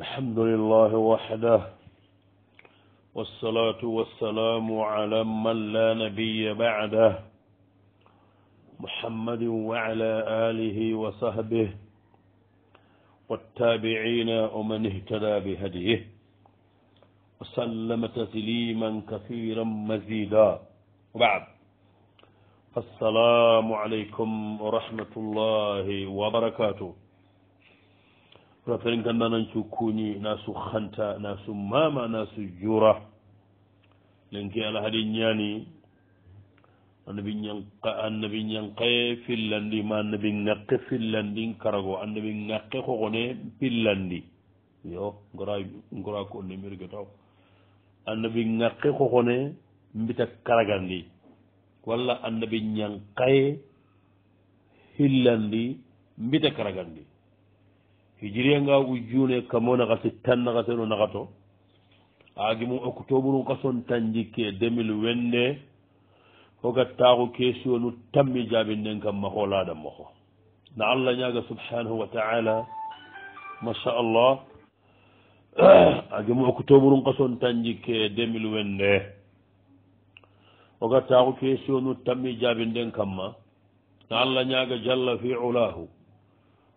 الحمد لله وحده والصلاة والسلام على من لا نبي بعده محمد وعلى آله وصحبه والتابعين ومن اهتدى بهديه وسلم تسليما كثيرا مزيدا وبعد السلام عليكم ورحمة الله وبركاته to tan ganda nan cu kuni na su khanta na su mama na su jura nan ke ala hadin nyani annabi nyan qa annabi nyan qa e fillandi ma annabi ngaq fillandi karago annabi ngaq ko gone fillandi yo ngora ngora ko ne mirga taw annabi ngaq ko gone mbita karagandi walla annabi nyan qa hillandi e mbita karagandi hijiriya nga gu june kamo naxa si tan naxa seno naxa to agimu octobre n kason tan jikke deux mille wende fo ga taxu questionnu tammi jaɓinnen kam ma xolaada moxo na allah ñaga subhanahu wa taala masha allah agimu octobre n kason tan jikke deux mille wende oga taxu question nu tammi jaɓinnden kam ma na allah ñaga jalla fi ulahu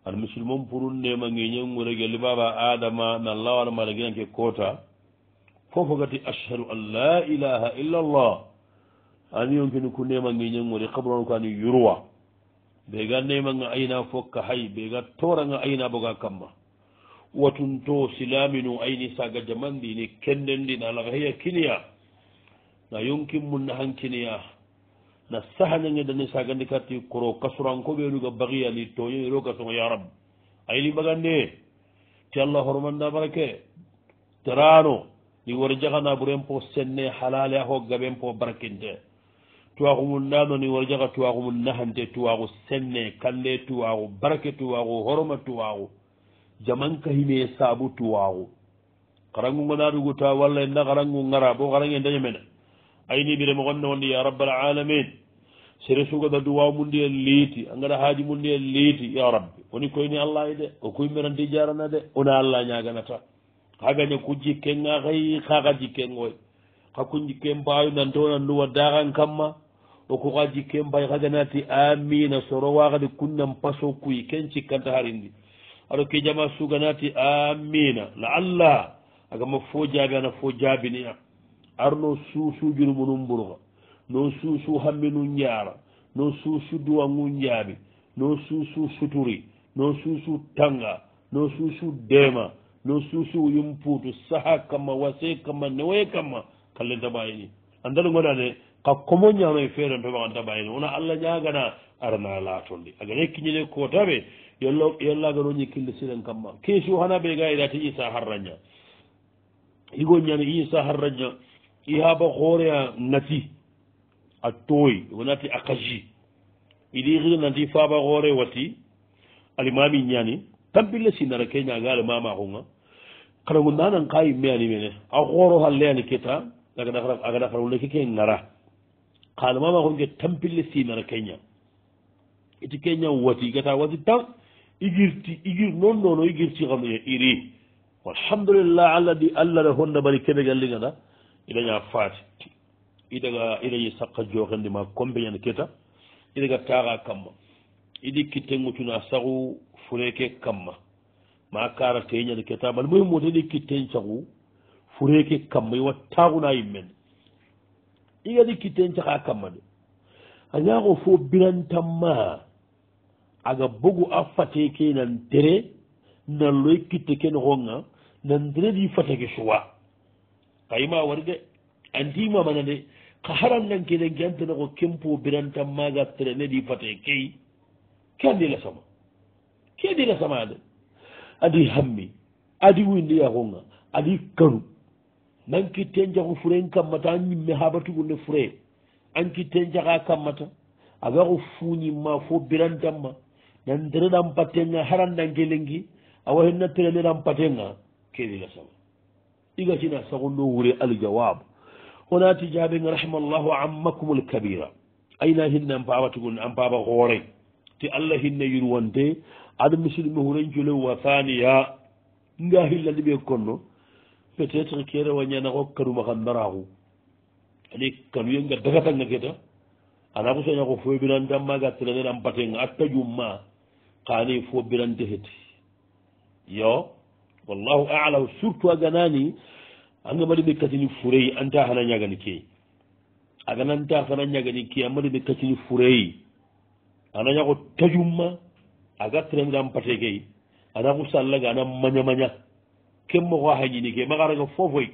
ar musulmon purun nema ngeñen nguregeli baba adama na allah wala malaginanke koota fofo gati ashhadu an la ilaha illa allah ani yonkini ku nema ngeñen ngore kabran ko ani yurwa ɓe ga nemanga ayna fokka hay ɓe ga toranga ayna boga kamma watun to silaminu ayni saga jamandini kendendi na laga heya kiniya na yonkin mun na hankiniya na sahanange dani sagandi kati koro kasuranko ɓenuga bagiyani toño ero gasongo yarab ayili ɓagande ti allah hormanda barake terano ni wori jagana ɓurenpo senne halale aho gaɓenpo barkinte tuwaku mum nano ni wori jaga tuwaku mum nahante tuwaku senne kalle tuwaku barke tuwaku horoma tuwaku jamankahime saabu tuwaku karangu ngo nadugu ta walla enda karangu ngara bo karange dañamene ayni mbire mo gonne wonde ya rabbal alamin sere sugaɓe duwaw mum ndi en liiti a gaɗa haaji mum ndi en liiti ya rabbi woni koyni allah e de o koye mbirandi jarana de wona allah ñaganata ha gaña ku jikken a hay kaka jikken oy hakku jikken mbawi nante wona nduwa dakan kamma o koka jikken mbay haganati amina sorowakade kunnan paso kuy ken cikkanta harindi aɗo ke jama suganati amina la allah agama fo jaabi ana fo jaabini am arno suusuujunu munum mbunuga noon suusu hamminu ñaara noon suusu duwangu ñaami noon suusu suturi noon suusu tanga noon suusu deema noon suusu yumpuutu saha kamma wasee kamma newoye kamma kallen tabayini andani gona de ka komo ñaano e feeren to ɓagan tabayini wona allah ñagana arana laatonde agane kiñine kootaɓe yollo yollagano ñikkilde siren kamma keesu hana ɓe gayidati e isa harraña higo ñani isa harraña ihaba hooreya nati a tooyi wonati a kaji iɗi xiri nanti faaba hoore wati alimami ñani tampille sinnara ke ñaga alimama xunga xanango nanan ka yimme ani mene a xooro halleyani keta agada farawulle keke ngara xa alimama xunge tampille sinnara ke ña iti ke ña wati gata wati tan igirti igir non nono igirti xano iri walhamdulillah alladi allah le honda bari kene galli ngada idaña faati iɗaga iɗañi saqa jooxendima combeñana keta iɗaga taaxa kamma iɗi kittenŋucuna saxu fureeke kamma ma karate ñana keta bal moy mota iɗi kitten caxu fureeke kamma iwa taaxuna yimmen igadi kitten caxa kamma de añaaxo fo birantanma aga bogu a fate ke nan tere nan loy kitte ke noxonga nan tere di fate ke suwa payima wari de andima mana de ka haran nankinen kentana ko kempo birantan maga tere ne di fate key ke andila sama ke andila sama de adi hammi adi windiya konga adi kanu nanki tenjaku furen kammata an ñimme habatugunde fure anki tenjaka kammata awa ko fuñimma fo birantanma nan dere dan patenga haran nankelengi awa henna tere ne dan patenga ke andila sama igatina sagundo wure aljawab wona tijaɓe rahimallahu ammakumul kabira ayna hinne an pabatugon an paba hoorey te allah hinne yurwante aɗa musidɓe hurencule wa thania nga hillandi ɓe konno peut être ke rewañana ko kanuma kan daraku aɗi kanuye nga dagatanga keta ana ko soña ko fobirantanmaga tirane an batenga atta jumma kani fobirante hete yo wallahu alam surtout a ganani angamaɗi ɓe kacini furey anta hana ñagani key agananta fana ñagani key amaɗi ɓe kacini furey anañako tajumma aga trengam pate key anaku sallaga ana maña maña kemmoko ahañini key magaraga fofoy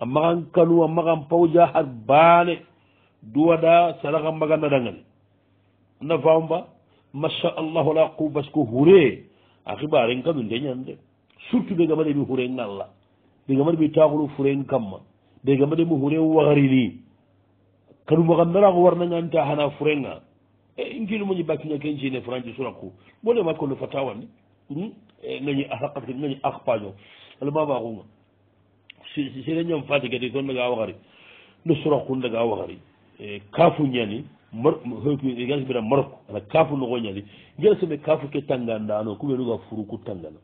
amagan kanu amagan pawja har baane duwaɗa sadaka mbaganna ɗangani na famba masha allahu la qubasko hure a xibaren kanu nde ñande surtout ɓe gamaɗe mi huren allah ɓe gamaɗe mi taguru furen kamma ɓe gamaɗe mi huren wagarini kadum wagandarako warnaganta hana furenga e nkilumoñi bakkiña kencine franci suraku bone mat kono fatawanni gañi hmm? e, aakat gañi akpaño almabakunga sere ñam fati gati ton daga wagari no suraku daga wagari e, kafu ñani mar ɓira e, marok ana kafu nogoñani gelasome kafu ke tangandano kuɓenuga furu ku tangana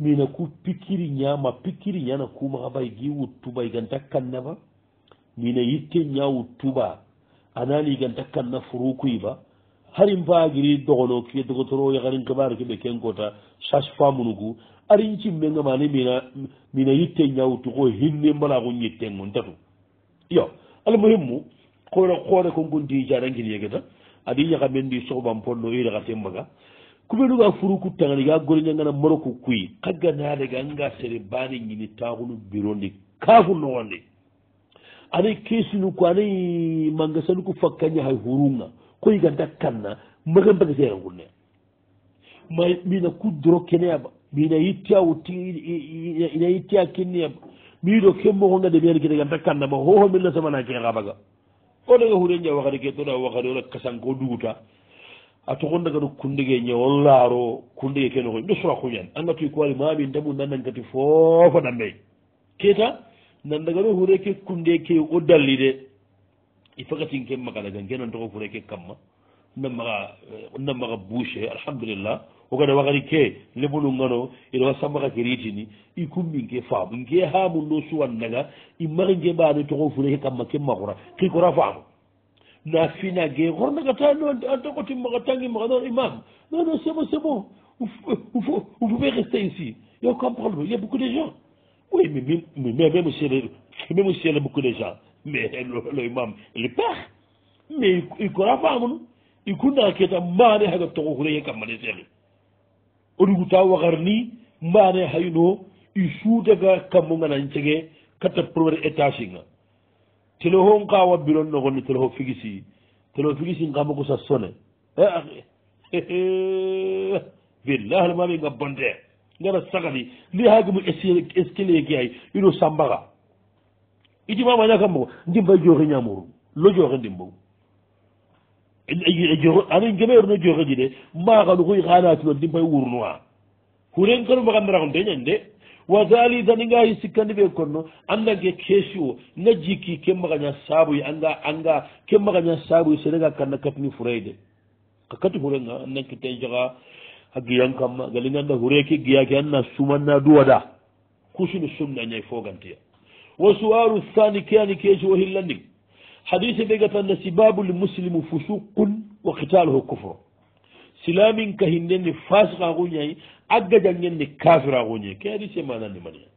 mina ku pikkiri ñama pikkiri ñana kuma habay gi wut tuba iganta kannaba mina yitte ña wut tuba anani iganta kanna furukuy ba harin bagiri dogono kiye dogotoro yaharin kabaro keɓe kenkota sage famunugu arin cimmengamani mina mina yitte ña wuttu ko hinne mbala ko ñittengontatu yo almuhimmu kono koore ko gondi jarangin yegeta adi ñaka men ndi sohoban ponno irakatembaga kuɓeɗuga furuku tanganiga goriñangana maroko kuy kagganadega anga sere bane ñini taxunu bironde kafu noxonde anay kesinuko anay mangasanuku fakkaña hay hurunga koyiganta kanna magan bagaseyangunne ma mina ku doro keneyaba mina yittea wuti ina yittea kinneyaba miɗo ke moxonga demiyanikida ganta kanna ma hoho mil na samana ke xa baga o daga hure ñawaxari ke toɗa waxari ola kasanko duguta a togondaga no kundige ñewol laaro kundige ke no koy mbi sura kuñan angatuy ko wali mami ndemu nanangati foofo ɗambey keta nandaga no hureke kunde ke o dallide i fagatin ke magadaga genantoko fureke kamma namaga eh, namaga bouche alhamdulillah o gada wagari ke lebolungano ina wa sammaga ke riitini i kumminke faamu nke haamun no suwannaga i maginke mbaano togo fureke kamma ke magura kikora faamu na fina ge gorna gata no anta ko timma gatangi ma non imam non non c'est bon c'est bon vous pouvez rester ici il y a comprendre il y a beaucoup de gens oui mais mais même chez les même chez les beaucoup de gens mais le, le imam il perd mais il kora famun il kunna keta mane ha to ko le yakam ne sel o du ta wagar ni mane hayno il sou daga kam ngana ntege kata pour étage nga teleho nka wabbiron nogonni teleho figisi teleho figisi nkama kusa sone e eh, ahi eh, eh, billahi almami nga bonde ngara sagati ndi hagimu escalier ki hay ido sambaga idimamaña kam mogo ndim bay jooxe ñamuru lo jooxe ndim bogu e, e, e, ani jeɓeeru no jooxe di de maaganu koy xanatino ndim bay wurnoa hurenkanu maxa ndaraxun te ñañ de wa gali dani nga yi sikkandi ɓe konno anda ge keesi o nga jikki ke magaña saabuye anga anga ke magaña saabuye sene nga kanna katini furayde ka kati furenga annanke te jaga a giyan kamma gali ganda hureke giyake anna sumanna duwada kusini sumna ñay fogantiya wa suwaru thani ke ani keesi o hillandi hadise ɓe gatanna sibabu li muslimu fusuqun wa kitaluhu kufro silamin ka hindenni fasika ku ñayi agga jangenni kafiragoñe ke adi semanandi maniya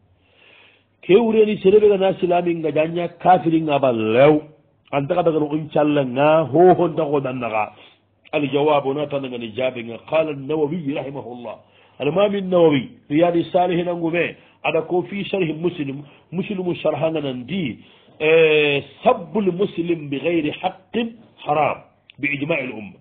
ke wureni serebe gana silaminga janña kafiringa ba lew antaka dagana on callanga hohontagodannaga الجواب ناتنا من الجابين قال النووي رحمه الله الإمام النووي رياض الصالحين أنقبه على في شرح مسلم مسلم شرحنا نندي اه سب المسلم بغير حق حرام بإجماع الأمة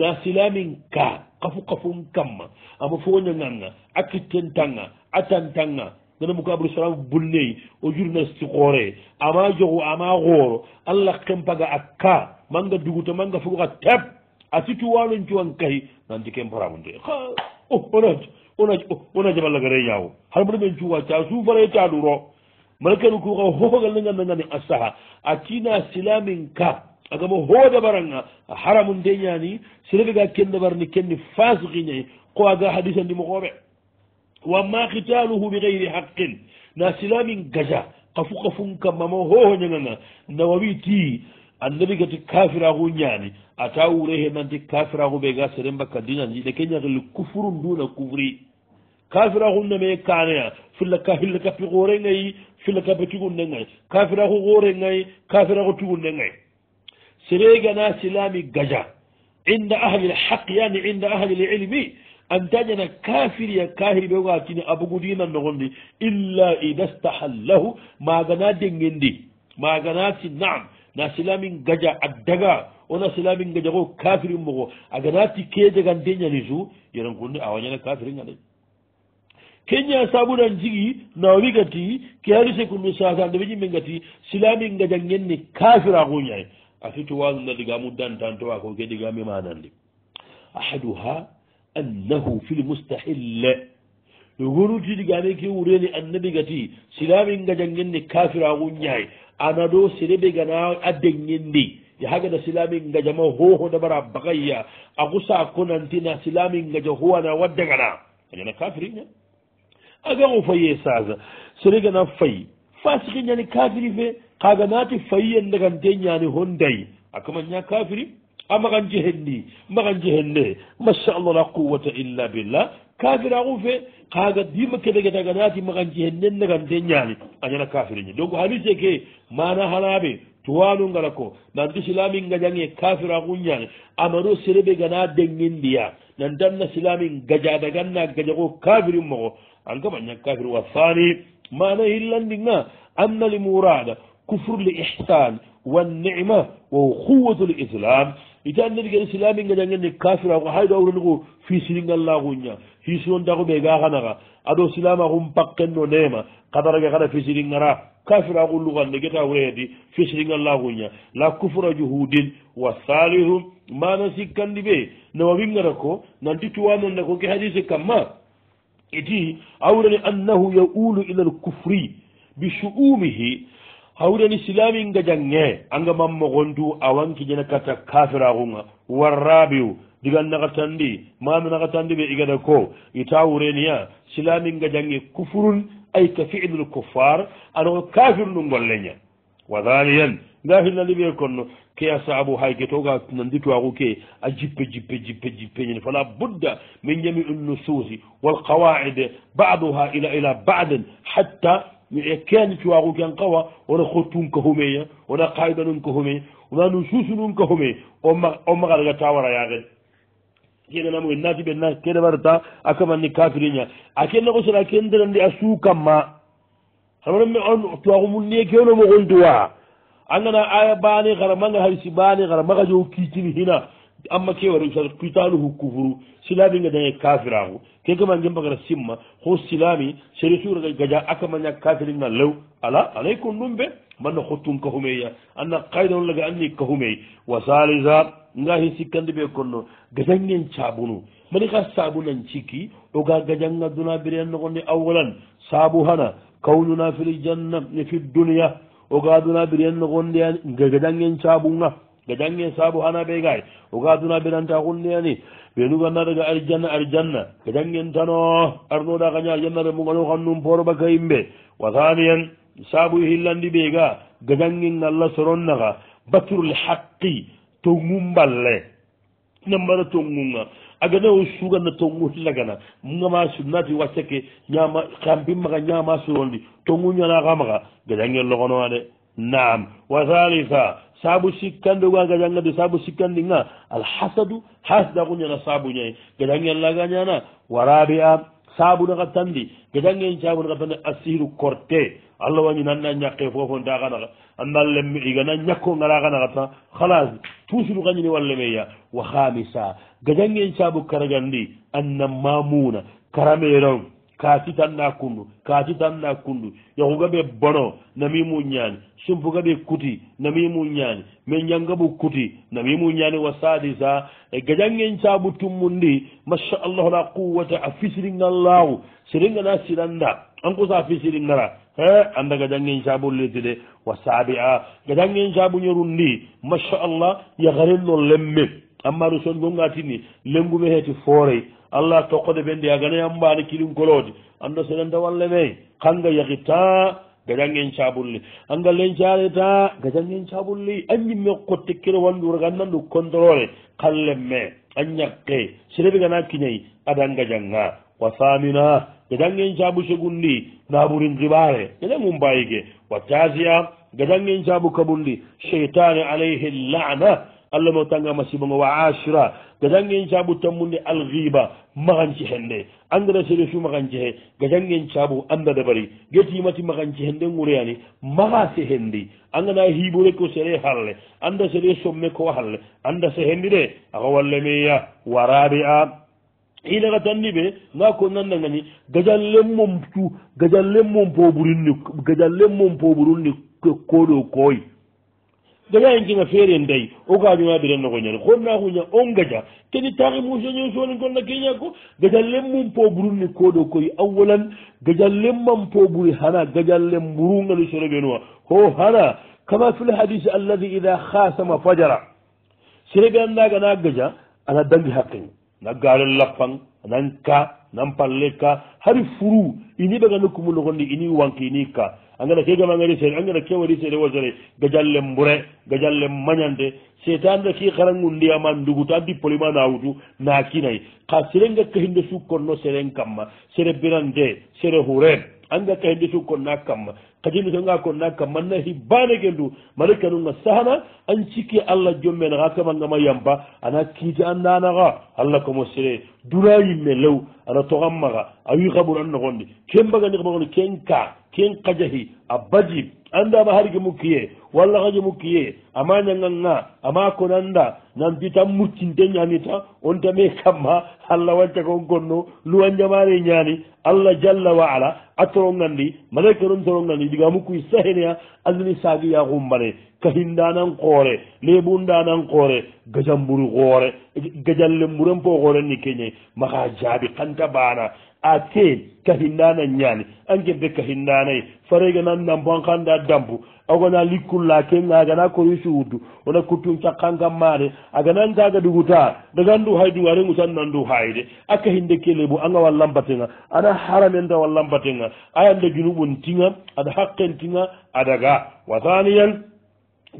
ناسلام كان kafu kafun kamma amo foñoganga akkitten tanga atantanga nanamuko abdou salam bulley o jurnasti koore ama jogo ama gooro allah kempaga akka manga duguta manga fogoka teb a sittu wanon cuwan kahi nanti kemparamonde a o onaj onaj ona jaballaga reñawo halmaɗumen cuwa ca suufare ta ɗuro malkan kuka fofogal nagandagani a saha a tina silamin ka agamo hooda baranga haramu ndeñani si refi ga kenne barni kenne fasiki ñayi ko aga hadisandimo koɓe wa ma kitaluhu bi geyri haqqin na silamin gaja kafu kafunka mamo hoho ñaganga nawawi ti annabi gati kafiraku ñani ata wure he nanti kafiraku ɓe ga sere mbakka dinani ɗe ke ñagilli kufuru nduna kufri kafiraku name kanea filla ka filla kapi kore ngayi filla kapi tigunde ngayi kafiraku kore ngayi kafiraku tigunde ngayi sereegana silaami gaja inde ahli lhaq yani inde ahli lilmi antañana kafiriya kahiri ɓe watini abugudina nogondi illa ida stahallahu magana dengendi magana si nam na silamin gaja a daga ona silamin gaja ko kafiri mogo aganati kedegandeñani su yerankundi awañana kafiriganɗe keña sabunan jigi nawawi gati ke hari sekundu sasa ndeɓe ƴimɓe gati silamin gaja genne kafira kuñay a fitu wasunda diga muddantantowa ko ke diga mi manandi ahaduha annahu fi lmustahille no gonuti digami ke wureni annabi gati silami nga jangenni kafira ngunñay ana ɗo sereɓe gana addengendi yahagana silami ngajama hoho dabara bagayya agusa konantina silami ngaja howana waddagana añana kafirine aga o fayye sage sereganan fay fasiki ñani kafiri fe kaga naati fayiyande kan de ñaani hon dayi akaman ña kafiri amakan jehen ni makan jehen ne masallah la quwata illa billah kafir aku fe kaga dima kede keta ga naati makan jehen nenne kan de ñaani añana kafiri ñi donc hadise ke mana halaɓe towanu ngara ko nanti silami gajange kafir aku ñaani amaɗo sereɓe gana dengindiya nan danna silami gajada ganna gaja ko kafiri mogo an kamaña kafiri wa thani mana hillandi ga anna li murada كفر لإحسان والنعمة وخوة الإسلام إذا أن الإسلام إن جن جن كافر أو هاي دور نقول في سرنا الله غنيا في سرنا دعو بيجا خنا غا أدو سلام أقوم بكن ونعمة قدر جا خنا في سرنا را كافر أقول لغة نجتا ويهدي في سرنا الله غنيا لا كفر جهود وصالح ما نسي كان دبي نوابين غرقو نانتي توانا نكو كي حديث كما إذي أولا أنه يقول إلى الكفر بشؤومه hawrani silami nga jange anga mammo gondu awanki jena kata kafira hunga warrabiu digan nagatandi mami nagatandi be igada ko ita wureniya silami nga jange kufurun ay ka filul kuffar ano kafir nu golleña wa dhaniyan nga hinnani ɓe konno ke a saabu hay ke toga nandi twaku ke a jippe jippe jippe jippe ñen fala budda min jami nusuzi wal qawa'id baduha ila ila ba'd hatta mixe keni cuwaaku ken qawa wona xottun ka humeya wona qaydanun ka humeya wona nu susunun ka humey o maxarga ta wara yaxen kene namuge nati ɓe na kene warata a kamanni kafirinña a e ke nexo sera ken derandi a suu kam ma xaaro me cuwaaku mu nee keno moxontuwa a ngana aya baani xara maga haysi baani xara maxajo kiicini xina amma kewari qitaluhu kufru silami nga dañe kafirangu kekama gembagata simma ho silami sérisura gaja akamaña kafiringa law ala alay kon ɗum ɓe manna hottum kahumeya anna kaydanon laga anni kahumey wa salisa nga hi sikkande ɓe konno gajangen caabunu mani ka saabunan cikki oga gajanga duna birian nogonni awalan saabu hana kawnuna fil janna fi duniya oga duna birian nogonndi gajangen caabunga ɓe ɗange saabu ana ɓe gay o ga duna ɓenanta kulliyani ɓe nuganna daga arjanna arjanna ɓe ɗangen tano arnoɗa kañi arjanna ɓe mugano kam num poro ɓaka yimɓe wa haniyan saabu e hillandi ɓe ga ga ɗangen allah soronnaka batrul haqqi tongu mballe nambara tongunga agana o suganna tongutilagana ngama sunnati wacceke ñama kampimmaka ñama surondi tongu ñana kamaka ga ɗangen logonoa de naam wa halitha saabu sikkanndego a gajangadi saabu sikkanndinga alhasadu hasdakuñana saabuñay gajangen lagañana wa rabia saabu naka tandi gajangen saabu naka tandi asihru korte allah wañi nanna ñakke fofon ta kanaka annallemme igana ñakko ngara kanaka ta halas toujours kañini wallemeya wa hamisa gajangen saabu karagandi anna mamuna karameron kaatitanna kundu kaatitanna kundu yahugaɓe bono namimu ñaani sumpugaɓe kuti namimu ñaani mi ñangaɓu kuti namimu ñaani wa sadisa e gajangen saabu tummundi masha allahu la quwata a fisiriŋallahu siriŋana siranda anko sa fisiriŋara he anda gajangen saabu lettide wa saabi a gajangen saabu ñorundi masha allah yaharillo lemme amma ɗo songongatini lengume heeti foorey allah tokkode ɓe ndiyagana yambani kilinkolooje anndo seɗen tawalle ɓey kanga yahi ta gajangen caɓulli angallen caale ta gajangen caɓulli anñimme ko tekkire wanndura gannanɗu controle kallemme an ñakke sereɓe gana kiñayi adan gajanga wa samina gajangen caɓu segulli naɓurin ribare gajangum mbayike wa tasia gajangen caɓu kaɓulli cheytane alayhi lana allah notanga masibongo wa ashra gadangen caabu tammunde alhiba maganci hennde andada sere fi maganci he gadangen caabu andada bari getimati maganci hennde gureyani maga se hendi angana hiibore ko sere halle anda sere somme ko halle anda se hendi de aga wallemeya warabi a inaga tandi ɓe nga ko nanda gani gadallemmom cu gadallemmom poɓurinni gadallemmom poɓurunni kooɗo kooy gaja en jega feere ndey o gañowaɓi ren nogoñane ko nahuña on gaja kadi taxi mosoñew soni gonna keña ko gaja lemmum poɓurunni koɗo koye awalan gaja lemmam poɓuri hana gaja lem mburungalu soroɓenuwa ho hana kama fil hadice alladi ida hasama fajara sereɓe andaga na gaja ana dangi haqqen na gare lappan anan ka nan palle ka hari furu ini ɓaga nokkumu nogonni ini wanke ini ka angana ke gamangari seede angana ke wari seede wasere gadialle mbure gadialle mañante setane reki karangu ndiyama ndugutu a dippolima nawutu nakinayi ka serenga kahinde sukkonno seren kamma sere birante sere huren anga kahinde sukkonna kamma kadini ko nga ko naka manna hibbane gendu mala kanu nga sahana an ciki allah jommen ha kama ngama yamba ana kiti an nana ga allah ko mo sire dura yimme law ana to gamma ga awi khabur an ngondi kemba ga ni ko ngondi kenka ken kajahi abaji anda ma harge mukiye walla kaƴo mu kiye ama ñaganga ama ko nanda nan bitan murtinte ñanita on tame kamma allah wacca kon gonno luwanjamare ñaani allah jalla wa ala a torongandi malaika non torongandi diga mukkuy sahenea andini saagiya xumbane kahindanan koore lebundanan koore gajamburi koore gajallemburen po koore ni keñe maxa jaabi xanta baana a teel ka hinnaana ñaani angebe ka hinnaanay fareganan nambonkanda dambu agana likkulla kenga agana korisi wuddu wona kuttun cakkanka maade agana ngaga duguta dagandu haydu are ngutan nandu hayde aka hinde kelebu anga wallambatenga ada haramenda wallambatenga ayande junubun tinga ada haqqen tinga adaga wathaniyan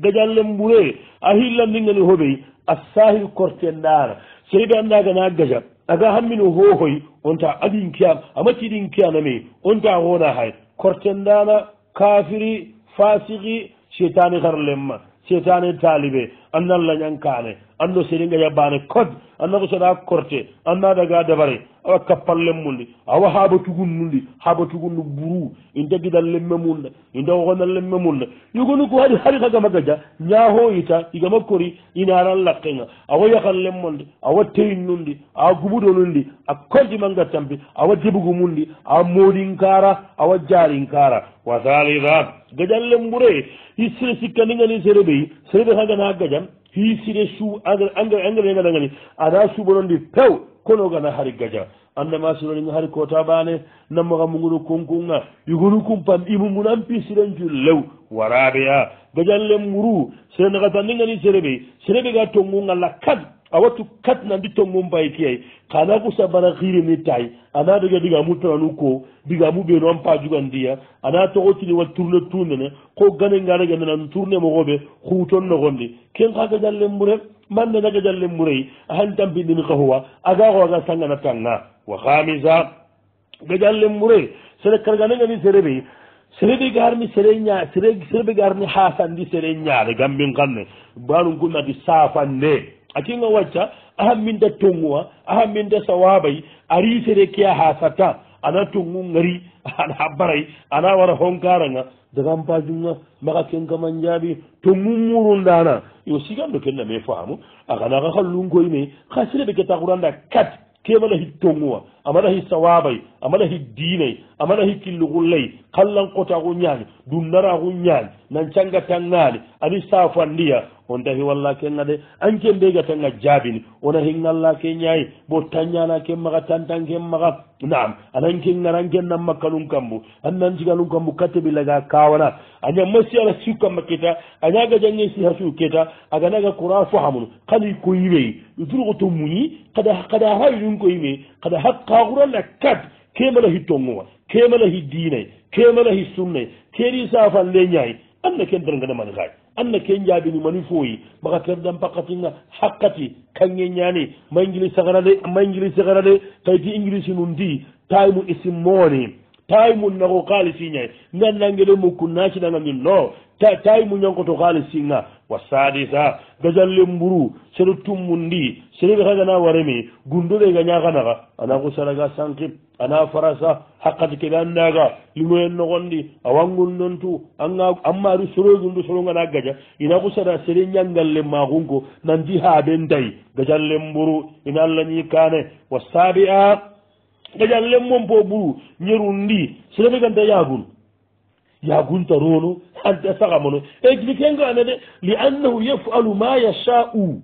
gajallen mbure a hillandingani hobey a sahil korten ndaara seyde andagana gaja aga hammino hohoy onta adin kiyam amaciɗin kiyaname onta hona hay kortendana kafiri fasiki cheytani harlemma cheytani talibe annallañankane anndo seri nga yaɓaani kod annda ko soɗa korte annaada ga dabare awa kappalle mundi awa haaba tugun mundi haaba tugunndu buru in tagidan lemme munda in dagokonan lemme munda yogoni ko haɗi haɗi kagama gadia ñaaho ita igama kori ina aran lakkenga awa yakan lemmondi awa teyin nundi awa gubuɗo nundi a kodji ma ngattampi awa debugu mundi awa moɗinkara awa jaarinkara wa halida gadian lembure i sere sikkandi ngani sere ɓeyi sere ɓe kagana gadian hiisire suu engrais engrais engrais e ngadangani ana suuɓanondi pew kono gana hari gaja annama sinoni hari kota ɓane nammaka mugunu konkunga yugunu kumpan imumunan pisirancu lew waraɓe a gajan lem muru sere nakatandi gani sereɓe sereɓe ga tongunga lakkat a wattu kat nandi tongom bayti ay kana kusa bana xirini tay ana doga diga mutananu ko diga mu ɓeenu an pajugandiya ana toxotini wal tourne tunene ko ganengaregenana tourne moxoɓe xuton noxondi ken xa gajallen mu ref man nena gajallen mu rey a han tampindini xafowa aga xo aga sangana tanga wa xamisa gajallen mu rey sere karganegani sereɓe serebe garni sere serebe garni xasandi sere ñaare gambin xanne banu ngunnadi safande a wacca ahamminda tonguwa ahamminda sawabay ari sere ke ha sata ana tongu ngari ana barai ana wara honkaranga daga mpajunga maka kenka manjabi tongu murundana yo sigando kenna me faamu agana ka hallungoyme ka sere ta ke da kat kemana hittonguwa amana hi sawabay amana hi diinay amana hi killigullay kallankoto agu ñaani dunnara agu ñaani nan cangatangaani ani safandiya ontahi walla kenga de ankeen ndegatanga jaabini ona hingalla ke ñaayi bo tanñana ke maxa tantan ke maxa naam anankengara anken nan makka num kambu an nan ciga num kambu kattebilaga kawana añamma si ala siu kamma keta añaga jange si hasu keta aganaga kura fahamunu kani koyiwey duturgoto muñi kada kada hayi num koyiwey kada hak kaakuro le kat kemala hi tongowa kemala hi diinay kemala hi sunnay keri safan le ñaay an na ken darangana mani xaay an na ken jaabini mani fooyi maxa terdan pakatinga xaqati kange ñaani ma ingilis saxara de ma ingilis saxara de kayti ingilisi nun ti taaymu isi e mooni tawi mum nako kaalisi ñay ngan nangele mu kunnacinanga min no tawi mu ñonkoto kaalisi nga wa sadisa gajalle mburu seɗo tummundi seɗeɓe xagana waremi gundoɓe gañaxanaxa ana ku saraga sanki ana farasa haqati keɓe andaga limoyen noxondi a wangun nontu aga anmaru soroy gundu sorongana gaja ina ku sara seɗe ñangalle maxun ko nanti haɓen tayi gajalle mburu ina allañi kane wa sabi a kaƴa lemmon po ɓuru ñerun ndi so ɗemi gande yagun yagunta rolo ante sagamono e jilikengane de li annahu yafalu ma yachau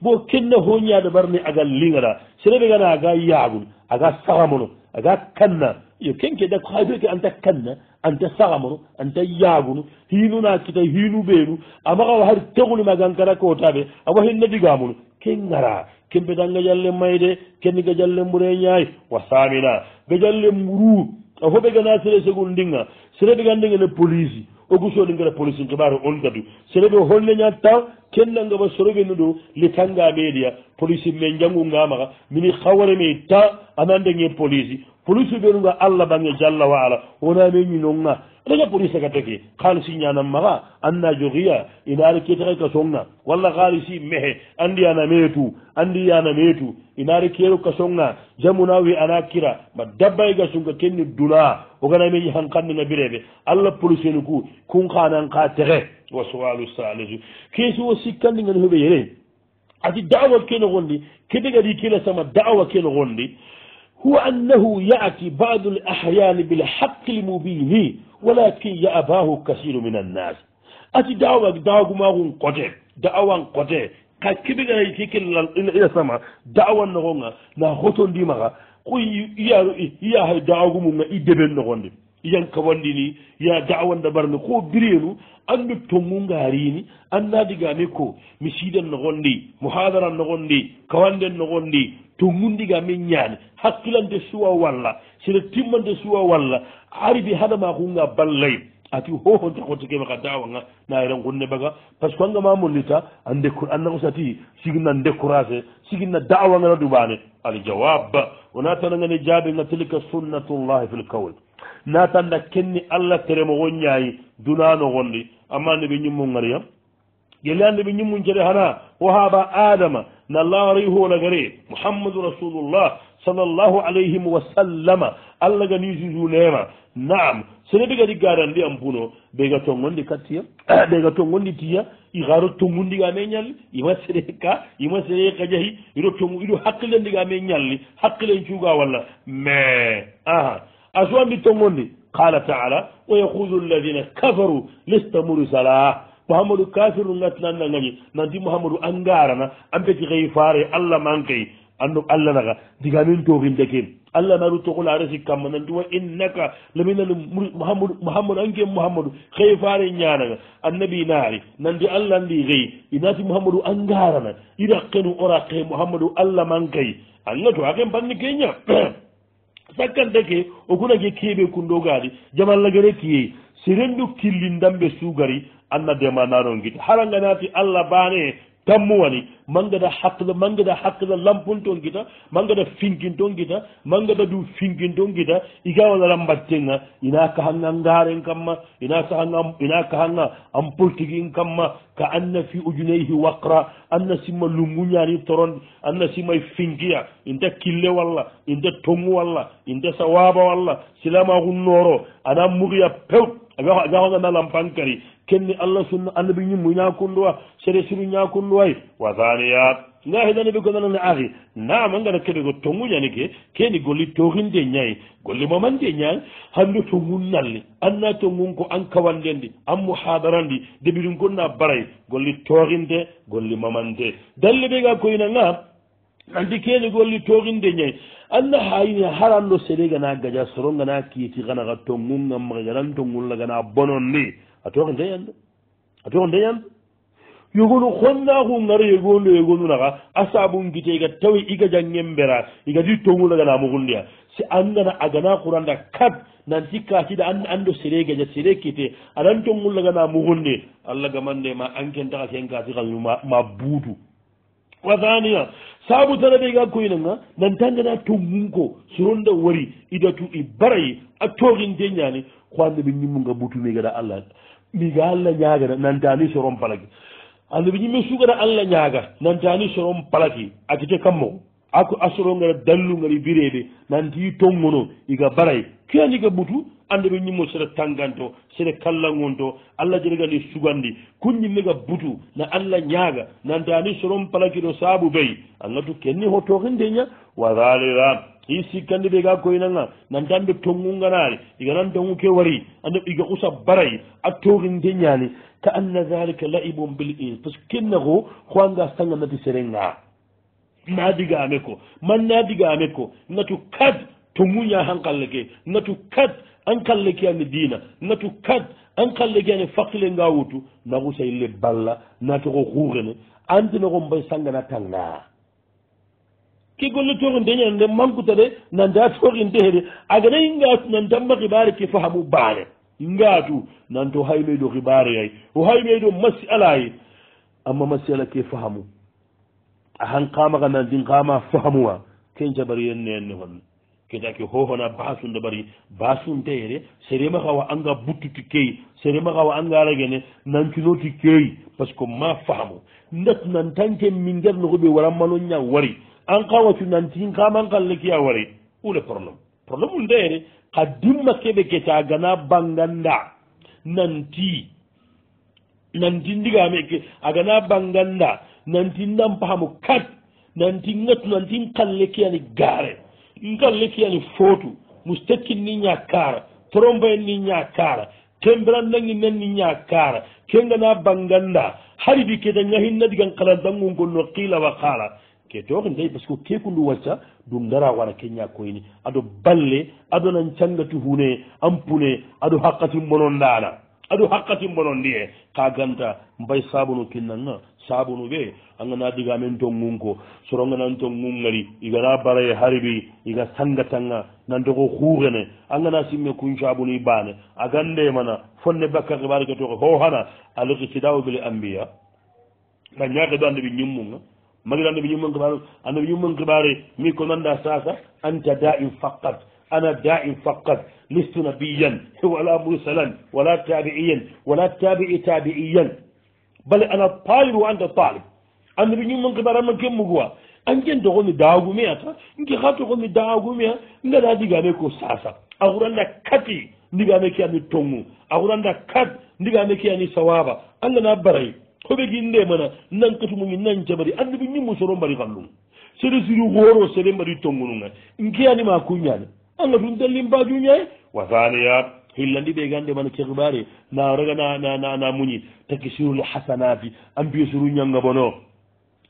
bo kenna hoñade barni aga liŋala so ɗemi gana aga yagun aga sagamono aga kanna yo kenke dako haybeke anta kanna anta sagamono anta yagunu hinuna kita hinu ɓenu amaxawa har teguli magankara kotaɓe awahinna digamunu kengara kembe tan gajalle mayde kenni gajalle mbure ñaay wa samina gajalle mburuu a fo ɓe gana sere segol ndinga sere ɓe gandegene polici augusoɗi gara polici keɓaro on kadi sere ɓe holleña tan kennangaba soroɓenno ɗo le tanga média police min jangu gamaka mini hawre mi ta anandeñe police police ɓenuga allah bange jalla wala wona min ñinonga ɗaga police ga teke halisi ñanan maka anna jogiya inaari ketaxa kasonga walla halisi mehe andi ana metu andi ana metu inaari kero kasonga jamuna wi ana kira ma dabbay e ga sunga kenni dula ogana min ñahan kanndinga bireɓe allah police enu ku kun xanan ka texe وسؤال السالج كيف هو سكان لين هو بيرين هذه دعوة كين غندي كده قال يكلا سما دعوة كين غندي هو أنه يأتي بعض الأحيان بالحق المبين ولكن يأباه كثير من الناس أتي دعوة دعوة ما هو قدر دعوة قدر كيف قال يكلا لين إلى سما دعوة نغنا نهوتون ديمها قوي يا يا هاي دعوة مم إدبل نغندي yanka wandini ya dawanda barmi ko birenu andu tongu ngarini annadigami ko mi siden nogondi mohadara nogondi kawanden nogondi tongundigami ñaane hakkilante suwa walla sere timmante suwa walla aribi hadama kunga ballay ati hohontakotekeme ka dawanga nayiran gonne baga par ce que angama mollita annakosati siginna décourage siginna dawangana dubane aljawab wona tanangane jaabenga tilika sunnatullahi fi lkawl natanda kenni allah terema woñayi dunano gonɗi amma neɓe ñimmu gariyam gelle an neɓe ñimmu jeɗe hana wo haaba adama na laarayhona gare mouhammadou rasulullah sallllahu alayhim wa sallama allah ga nisisu nema naam so neɓe gadi garanɗi am puno ɓega tongonɗi kattiya ɓega tongonɗi tiya igaro tongondiga me ñalli ima seɗe ka ima seɗe ka jahi iɗo tongo iɗo haqqillendiga me ñalli haqqillen cuga walla mais aha uh -huh. أسوان بتموني قال تعالى ويخوذ الذين كفروا لست مرسلا محمد كافر نتلان نجي نجي محمد أنجارنا أم بيتي غيفاري الله مانكي أنو الله نغا ديغامين توغين دكين الله ما تقول عرسي كما نجي وإنك لمن محمد محمد أنكي محمد غيفاري نيانا النبي ناري نجي الله نجي غي إناس محمد أنجارنا إذا كانوا أراقي محمد الله مانكي أنجو أكيم بني كينيا sakkanteke okunake keɓe kundogaadi jamallagere kiye si rendu killindamɓe suugari anna demanaɗon guiɗi haranga naati allah bane tammuwani mangada hakkilo mangada hakkilo lampunton gita mangada finkinton gita mangada du finkinton gita igawala lambattenga ina kahanga ngaren kamma ina kahanga ina kahanga ampultigin kamma ka anna fi ujunayhi waqra anna simma lungunyani toron anna simay finkiya inta kille walla inta tongu walla inta sawaba walla silama gun noro ana muriya pew agaxonga na lampankari kenni allah sunna annabi ñum mu ñakunduwa sere siru ñakunduway wa zaniyat nga hedanabi ko nanane ahi nama ngana kede ko tonguñanike keni golli toxinde ñayi golli mamande ñayi hannde tongun nalli anna tongun ko an kawandendi an muhadarandi debirin gonna baray golli toxinde golli mamande dalle ɓe ga koyna nga andi keni golli toxinde ñayi anna hayini haranno seɗe gana gaja soro gana kiiti ganaga tongun gammaga ganan tongun la gana bononni a tooxe ndeyande a tooxe ndeyande yogonu xonnaaxum nara yegoonu yegoonu naxa a saabungite ga tawe iga jangem mbera igadi tongunagana mugundi'a si angana a gana xuranda kat nanti kaatida an ando sereegaja sere kete anan tongulagana mugunde allah gamande ma ankentaxa ken kaati xa ma buutu wa thania saabutana ɓega koynanga nanta ngana tongun ko soronda wari idatu i baray a tooxinte ñaani xoandeɓe ñimmunga buutumegada allah miga allah ñaagana nantani soron palaki anndu ɓe ñimmi sugana allah ñaaga nantani soron palaki akite kammo ako asorongara dallungari bireɓe nanti tongono iga baray kuyaniga ɓutu annde ɓe ñimmo seɗa tanganto seɗa kallangonto allah jeɗegandi sugandi kunñimmiga butu na allah ñaaga nantani soron palakiɗo saabu bey angatu kenni hottokinteña wa dalila i sikkandi ɓe ga koynanga nantanɓe tongunganari iga nan tongu ke wari ande iga usa baray a toginte ñani ka anna halika laibon bil in par ce que kenna ko koanga sanga nati serenga nadigame ko man nadigame ko ngatu kad tonguña han kalle ke ngatu kad an kalle ke ani dina ngatu kad an kalle ke ani fakile nga wutu nagusa ille balla natoko xurene antinogon bay sangana tanga ke golle torindeñande manqutade nanda torindehede aganayi ngaatu nantamba xibaare ke fahamu baane ngaatu nanto haymeydo xibaare ay o haymeydo masalaye amma masala ke fahamu ahan qaamaxa nandi qaama fahamuwa ken jabariye neenne honn ketake hohona basunde bari basunteyede seremaxawa anga buttuti key seremaxawa anga ragene nancunoti key par ce que ma fahamu ndat nantanke mingernoxuɓe waranmano ña wari an kan wacu nantin kaman kalle kiya wari ule problème problème ul ndeere ka dimma keɓe keca gana banganda nanti nanti ndigame ke agana banganda nanti ndampahamo kat nanti ngatu nanti n kalle kiyani gaare n kalle kiyani footu mustakin ni ña kaara trompe en ni ña kaara kembiran nangi nen ni ña kaara ke ngana banganda hari bi keta ngahinna digan kalantangungonno kiila wa kaala ke dooxi dey par ce que keekundu wasca ɗum dara wara keñña koyni aɗo balle aɗonan cangati hune ampune aɗo haqqati mbonondana aɗo haqqati mbonondiye ka ganta mbay sabunu kinnanga sabunu ɓe a gana digamen to gunko soronga nan to gungari igana baraye haribi iga sangatanga nantoko xuxene a gana simme kun sabunu bane a gande mana fonne bakka xibari ke toxe ho hana alexisidawo bile ambiya ma ñaxe ɗo andeɓe ñimmunga مجرد أن بيجي منكبار أن بيجي منكبار ميكون عند أساسا أنت دائم فقط أنا دائم فقط لست نبيا ولا مرسلا ولا تابعيا ولا تابعي تابعيا بل أنا طالب وأنت طالب أن بيجي منكبار من كم مغوا أن جن دعوني دعو مي أتا إنك خاطر دعوني دعو مي أن لا تيجي عليك أساسا أقول لك كتي نيجي عليك أني تومو أقول لك كت نيجي عليك سوابا أن لا koɓe guinde mana nankatumumi nan jabari andu ɓe ñimmu soro mbari fallum seɗo siri hooro seɗe mbaɗi tongununga nkiyanima kuñade anga tum dallin mbajuñaye wasaniya hillandi ɓe gande mana cerbare na raga na na na muñi takki surul hasanati ampiye suru ñanga bono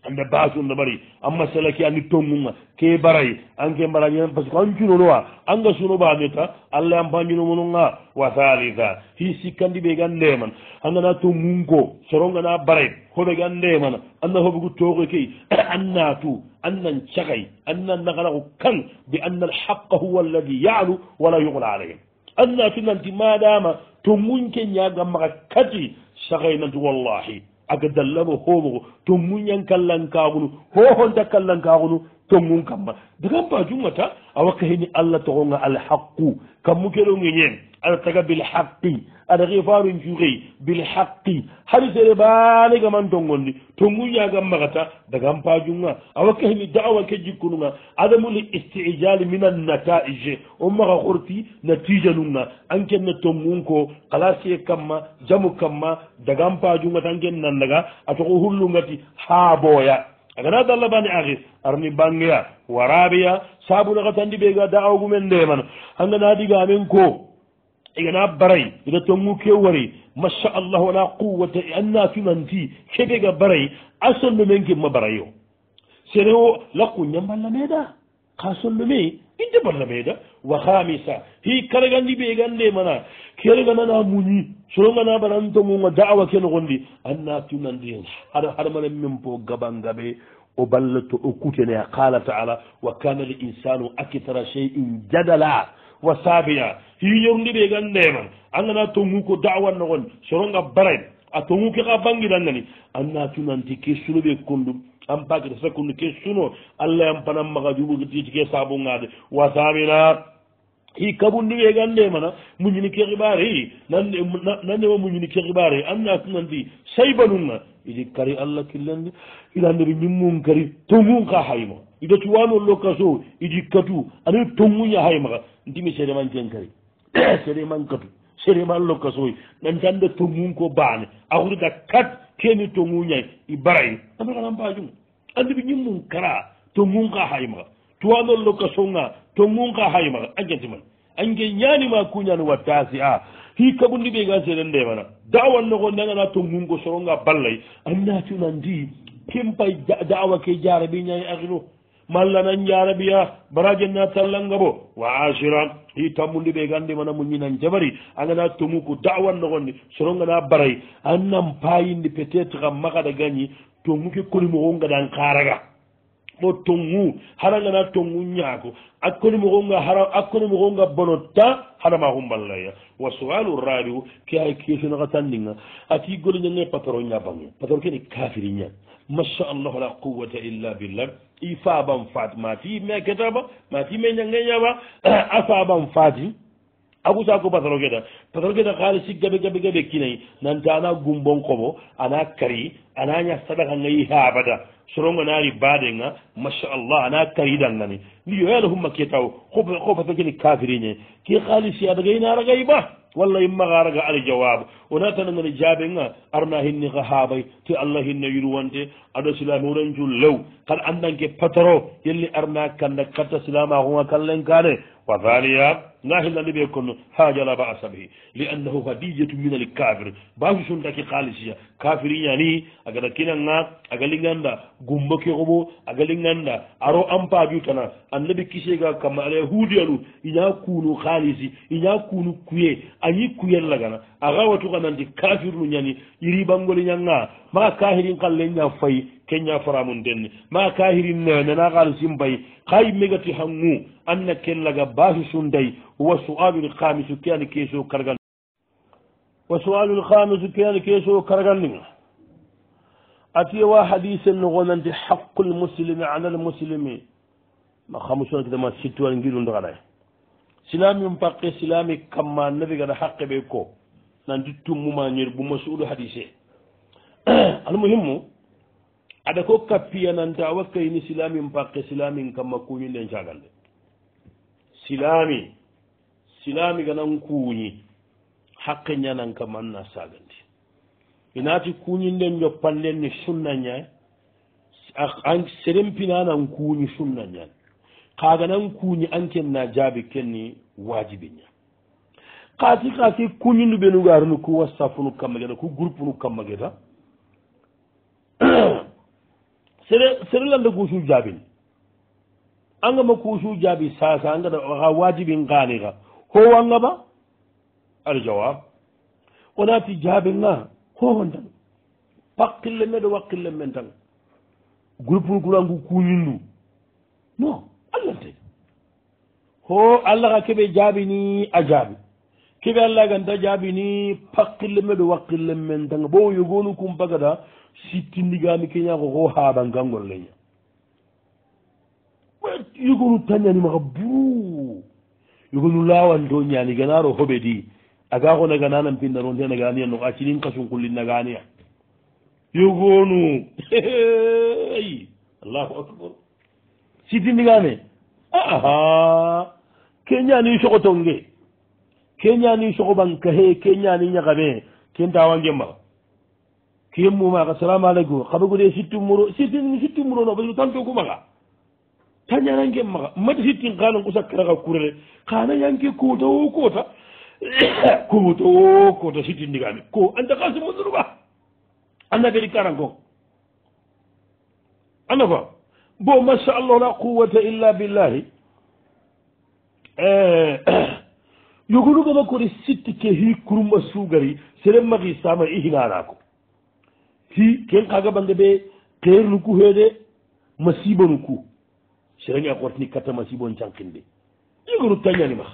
anda basu nda bari amma salaki ani tongunga ke barai anke mbara nyen parce que anjuno noa anga suno ba meta alla am banjuno mononga wa thalitha hi sikandi be gande man anda na tongungo soronga na barai hobe gande man anna hobe gu togo ke anna tu anna chagai anna nagala kan bi anna al haqq huwa alladhi ya'lu wa la yughla alayhi anna tunanti madama tongunke nyaga makati shagai nanti wallahi aga dallamo hoomogo to muñankallankagunu hohonta kallankagunu tongun kamma dagan bajumata awakka heni allah togonga alhaqu kammu keɗo ŋeñen aɗa taga bilhaqi aɗa xi faru cuxey bilhaqi hari sere bane gaman tongondi tongu ñagam maxata dagan pajunga awa kehni dawa ke jikkununga adamul istijal min annataij o maxa xorti natijanunga an ken na tongun ko xalasiye kamma jamu kamma dagan pajunga tan ken nandaga a toxo hullungati haaboya agana dalla bani axir arni bangeya warabeya sabunaka tandi ɓega da'awagumen ndeman angana digamen ko إلى بري إذا تموك يوري ما شاء الله ولا قوة أنا في من تي كبيرة بري أصل منك ما بريو سنو لقو نعم الله ميدا قاسل مي إيه؟ إنت بلا ميدا وخامسة هي كرغان دي بيغان لي منا كرغان أنا موني شلون أنا بلان تمو دعوة كنو غندي أنا في من تي هذا حرمان من بو غبان غبي وبلت أكوتنا قال تعالى وكان الإنسان أكثر شيء جدلا wa sabia hiñorndiɓe ganndeman annana tongu ko dawatnogon soronga bare a tonguke ka bangiɗannani anna tunanti ke sunoɓe kondu an bakita sakkundu ke suno allah an panan maga juɓoii ke sabungade wa sabina hi kabundiɓe ganndemana muñini ke xibare nannema muñini ke xibare anna tunanti saybanunga idi kari allah killandi ilandiri ñimmun kari tongun ka haymo idatuwanol lokaso idi katu ani tonguña haymaga ndimi sereman jenkari sereman katu sereman lokkasoyi nan jande tonguko bane ahurida kat keni tonguñay i baray ami xanan bajum andiɓe ñimmum kara tongunka haymaxa tuwano lokkasonga tongunka haymaxa a jetiman ange ñanima kuñani wattasi a hi kabundi ɓe ga sere ndemana dawan noxo ndegana tongunko soronga ballay annatunandi kempay dawa ke jaraɓe ñayi axino mallana njarabiya barajenna tallangabo wa ashira hi tammundi ɓe gandi mana muñinan jabari angana tomu ko dawan nogondi sorongana baray annan payindi peut être kam makada gañi tonguke kolimogo ngadan karaga ɗo tongu hara ngana tongu ñaako akkoni mogonga hara akkoni mogonga bonotta hadama humballaya wa sualu rabiu ke ay kesinaka tandinga ati goliñange patron ñabange patron kene kafiri ña masha allahu la quwata illa billah i faaban faati maati me ketaba maati me ñangeñaba a faaban faati agu sako patron keta patron keta haalisi gabe gabe gabe kinayi nanta ana gumbon kobo ana kari ana ña sadaka ngayi haabada sorongo naari baade nga macha allah ana kari dangani ni yo yaala humma ketaw ho patron keni kafiriñe ki haalisi adagayina aragayi ba walla imma garaga ari jawabu wona tanagani jaabenga arna hinni ka haabay te allah hinna yurwante aɗa silami wonan jullew kan andanke pataro yelli arna kanda katta silamakunga kallen kane wa dalia ngahilande ɓe kono hajala baasa ɓe li annahu hadijatu min al kafir bawi sondaki kalisia kafir ñani agata kinanga aga li ganda gumba kekomo aga li ganda aro ampaju tana annaɓe kisega kamma ala hudialu iña kunu kalisi iña kunu kuye añi kuyen lagana aga watuganandi kafirnu ñani iri bangoli ñanga maga kahirin kalle ña fayi kenya faramun denni ma kahirin ne na na galisin bai kai megati hangu anna ken laga basu sundai wa su'alul khamis kiyani keso kargal wa su'alul khamis kiyani keso kargal ni ati wa hadithin nugonan di haqqul muslimi ala al muslimi ma khamusun kida ma situan ngidun dagala silami mpaqe silami kama nabi gada haqqe be ko nan dittum muma nyir bu masudu hadise al muhimmu aɗa ko kappiyananta wakkayni silamin pakke silamin kamma kuñinden cagal de silami silami ganan kuñi hakke ñanan kamanna sagandi inaati kuñinden joppanden ni sunnaña serenpinanan kuñi sunnaña kaganan kuñi ankenna jaabi kenni wajibiña kaati kaake kuñindu ɓenugaarunu ku wassafunu kamma geta ku groupe nu kamma geta sere sere lanta kuusuu jaabin anga ma kuusuu jaabi sasa angata xa waajibi ngaanixa howo anga ba al jawab onati jaabinga koxon tan pakqille me ɗo waqille men tan groupe kurangu kuñindu non allah te ho allah xa keɓe jaabini a jaabi keɓe allah ganta jaabini pakqille me ɗo waqille men tan bo yogonu kum pagata sittinnigaami keñaako ko haaɗan kangol leña yogonu tañani maka buu yogonu laawanto ñaani ganaaro hoɓe di agaa ko naganaanan pinnaroon te naganiya no acinin kasun kullin naganiya yogonu allahu akbar sittinnigaame aha keñaani sogo tonge keñaani sogo ɓan kahe keñaani ñakame kentawangemaka kiyemmumaga salamu aleykum xabagode sittin muro sittin sittin muro no parce que tanke kumaga tañanangke maga mati sittin xanan kusa karaga kurere xana ñanke kota wo kota kota wo kota sittin ndigami ko anta xa simondunuba anna kadi karankon anna fa bo masa allah la quwata illa billahi eh, yogonugaba kodi sitti ke hi kurumba sugari seren maxi sama i hinanako ti ken kaga bange ɓe terenu ku heede masibanu ku serange a qortini katta masibon cankinde ƴigaru tañanima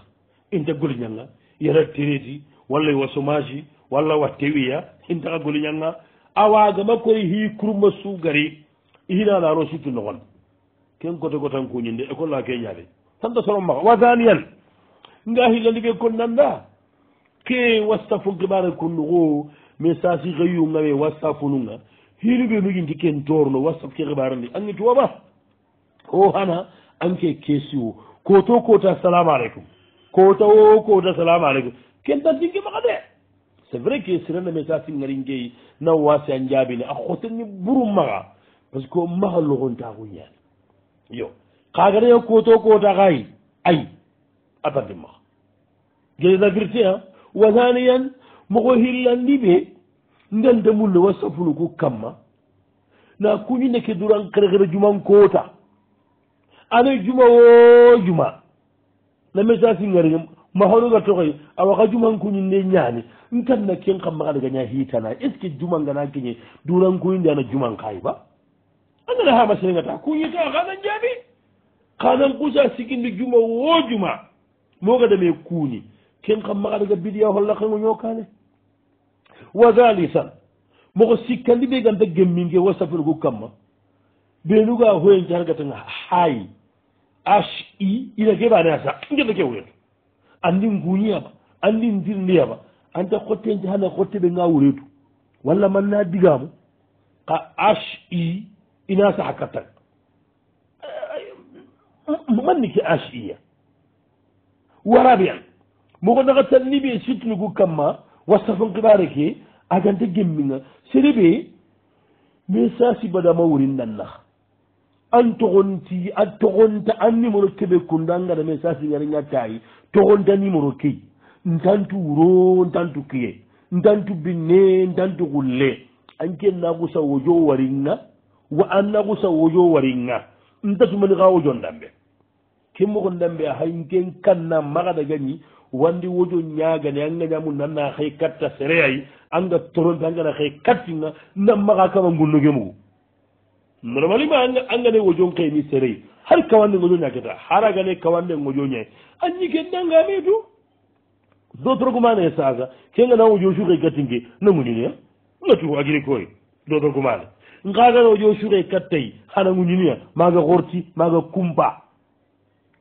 inta goliñanga yara tereti walla wa somage walla wa tewiya intaka goliñanga a wagama koye hi kurma sugari hina laro sutu nogon ken cote gotan kuñinde école la keñade tanta soro maxa wasaniyan nga hillandike ko nanda ke wasta fo gibare ko nuxu mais sasi xeyu ngawe wastafununga hilu ɓe nugi ndi ken torno wastaf ke xeɓarandi ange tuwaɓa o oh, xana anke kesio koto kota salamu aleykum kota o oh, kota salamu aleykum ken tantinke maxa de c' est vrai ke sirana me sasi ngaringeyi na wasi a njaɓine a xotenni ɓurum maxa parce que maxa loxontaxuñan yo xagaɗaya koto kota xayi ay a tantin maxa gena na vérité an wasaniyan moko hillandi ɓe ndendemulle wa safunuku kamma na kuñi neke duran kerekere juman koota ane juma wo juma na message ngarigem mahonuga toxoy a waxa juman kuñi nde ñaani ntan na ken xam maxa daga ña xiitana est ce que juman ngana keñe duran kuñinde ana juman xaay ba a ngana xa masinengata kuñita xana njaabi xanan kusa sikindi juma wo juma mooga deme kuuni ken xam maxa daga bidiya holla xengo ñookaane wa halisan moko sikkandi ɓe ganta gemminge wa safirgu kamma ɓenuga hoyen jargatanga hay h i ina keɓane asa ngeta ke weeto andi nguñiyaba andi ndirndiyaba anta xotten jahana xotteɓe nga wuretu walla manna digamu ka h i ina saha kattan manniki h i ya warabian moko naga tanniɓe sittunugu kamma wasta fon kibaare ke agante gemmiga sere ɓe min sasi badama wurindannah an togonti a togonta an numéro keɓe kunda an gadame sasi garinga tayi togonta numéro key ntantu wuro ntantu kiye ntantu binne ntantu gulle an ke nagusa wojo waringa wa an nagusa wojo waringa ntatumani ka wojo ndambe kemmogo ndambe a hayinken kanna maga dagani wandi wojo ñaagane anga ñamu nanna hay katta sere ay anga toronte angana hay katti e nga nammaga kama gunnogemugu normalement anga angane wojon kayni sere har kawande gojo ñaketa haragane kawande gojo ñay anñi gendangame du dotorogumane saga kengana wojosu hay kattinke na guñiniya natu agiri koy dotorogumane ngagana wojosu hay kattay hana guñiniya maga horti maga kumba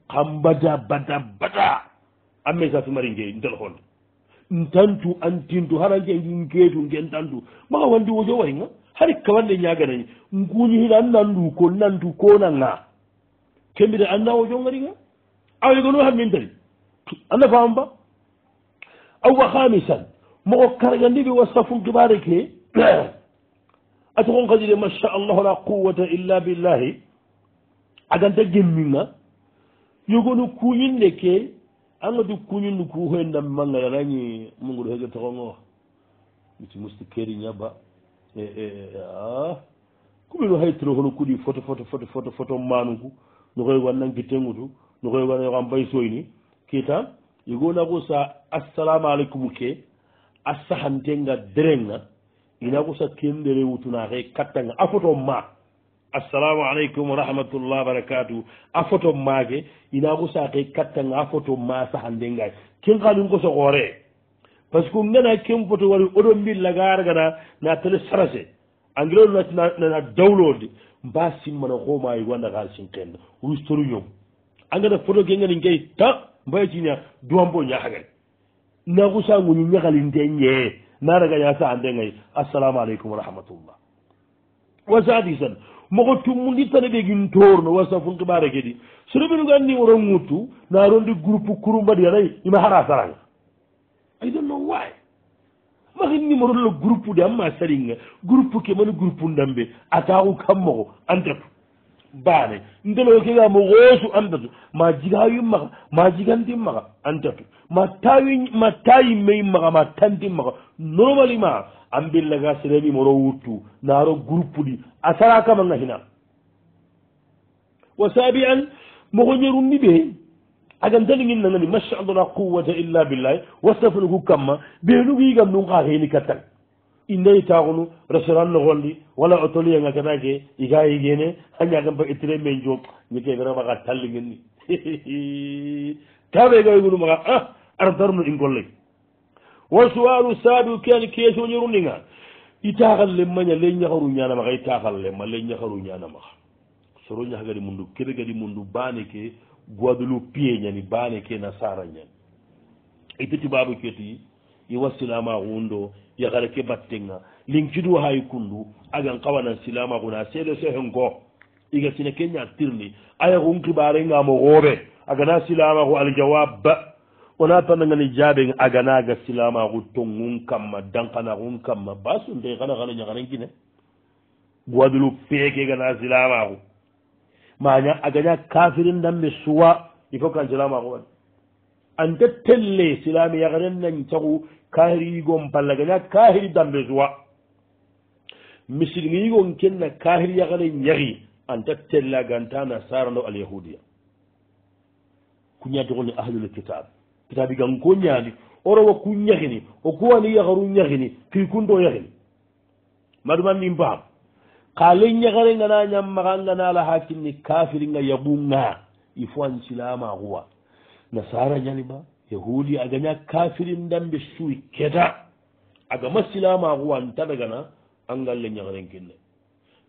kambada bada bada, bada. ammesa sumari jeeyi ndel honde tantu antintu haran je ngeetu ngen tantu ma wandi wojo wayi ga hay kawanɗe ñaganani nguñi hiɗan nandu ko nantu ko nanga kembiɗe anna wojo gari ga awi ko no hammin tari anna faam ba awwa hamisan moko kargandiɓe wastafun kibare ke ata kon kadi de macha allahu la quwata illa billahi aganta gemminga yogono kuñinne ke angadi kuñunni ku hoyn dambe manga yanañi mungoɗo hege togongo miti musti keri ñabba e, e, e, a kumino haytiro hono kuuɗi foto foto foto foto foto manuku nokoy wan nan gittengutu nokoy wan yokam baysoyni kitan yigona ku sa assalamu aleykum ke a sahantenga derenga ina ku sa kendere wutunake kattanga a foto ma assalamu aleykum wa rahmatullah barakatuhu a photo maage inaago saake kattanga a photo ma saha ndengaay ken xaalin ko soxoore par ce que ngana ken photo wari oɗo mbillagaaragana na tele sarase engrais nana dawlode mba simmana xoomaayi wanda xaal sin qeen rustoru ñoom a ngana photo ke ngani ngay ta mbayetiina duwanbo ñaxagay naaku saanguñi ñaxalinte ñee naragañaa saha ndengay assalamu aleykum wa rahmatullah wa saadi san moko tummunditane ɓe gin torno wasa fun kibare kedi sono ɓeɗo gandi oronguttu narondi groupe kurum mbaɗi aɗayi ima hara saranga ay donno way makin nimorolo groupe de amma saringa groupe ke mani groupe ndambe ataku kammoko antatu bane ndeloo kega mo goosu antatu ma jigawimmaka ma jigantimmaka antatu ma tawi ma tawimmeyimmaka ma tantimmaka normalement ambillaga sereɓi moro wuttu naaro groupe ɗi a sarakama nga hina wa saabi an moko ñerunni ɓe agan daniŋin nangani masaallah la quwata illa billahi wastafanugu kamma ɓeenugu yigam nun ka heni kattan indayi taxunu restaurant noxolli wala autolie nga kenake iga yigene a ñagan pa itire men joom ñeke vraiment ka talliŋinni kaɓe gayugunu maxa a ah, arantarunu ingollay wasuwalu saabi ken keeso ñorundinga i taxal lemmaña le ñaharu ñanamaxa i taxal lemma le ñaharu ñanamaxa soro ñahagadi mundu kebe gadi mundu baane ke gwadulu pie ñani baane ke na sara ñani ite tubabu keti i wa silamaxundo yaxara ke battenga linkidu hayi kundu agan xawanan silamaxuna seede sehenko iga sina ke ña tirni ayaxun xibarenga mo xoobe agana silamaxu aljawab ba wona tanangani jaɓen aganaga silamaxu tongun kamma danganaxun kamma basunte xana xana ñaxarenkine gwadulu pekegana silamaxu maña agaña kafirin danɓe suwa il faut kan silamaxu wan ante telle silame yaxaren nan caxu kahiri yigon pallagaña kahiri danɓe suwa misilmi yigon kenna kahiri yaxare ñaxi anta telle gantana sarano alyahudia kuñatoxoni ahlul kitabe kitaabi ganko ñaani orowo ku ñahini o kuwani yahoru ñahini kii kundo yahini maɗuman nin mbaam ka le ñahare ngana ñammaxa ngana la ha kinni kafirnga yaɓu nga i fo an silama xuwa nasara ñanima yahudi a gaña kafirin dambe suy keta a gama silama xuwa nta dagana angal le ñahren kinne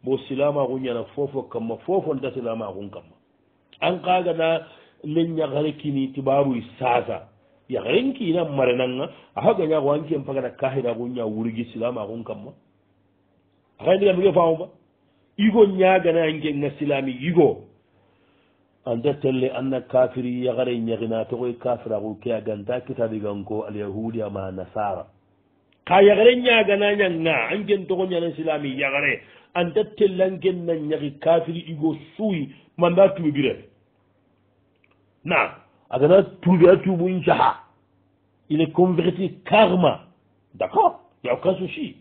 bo silama xu ñana fofo kamma fofo nta silama xun kamma an kaga na len ñagare kini tibaruy sasa yagaren kina marenanga axa gañaxo an kem pagana kaxinaxuña wurigi silamaxun kamma axaydigamige famuma igo ñagana ankenga silami igo anta telle anna kafiri yagare ñaxina toxoy e kafiraxu ke a ganta kitabiganko alyahudi ama nasara xa yagare ñaganañanga anken toxo ñana silami yagare anta tellanken na ñaxi kafiri igo suuy manda tuubi refe naam agana tuubi a tuubu njaha il est converti karma d' accord y' aucun souci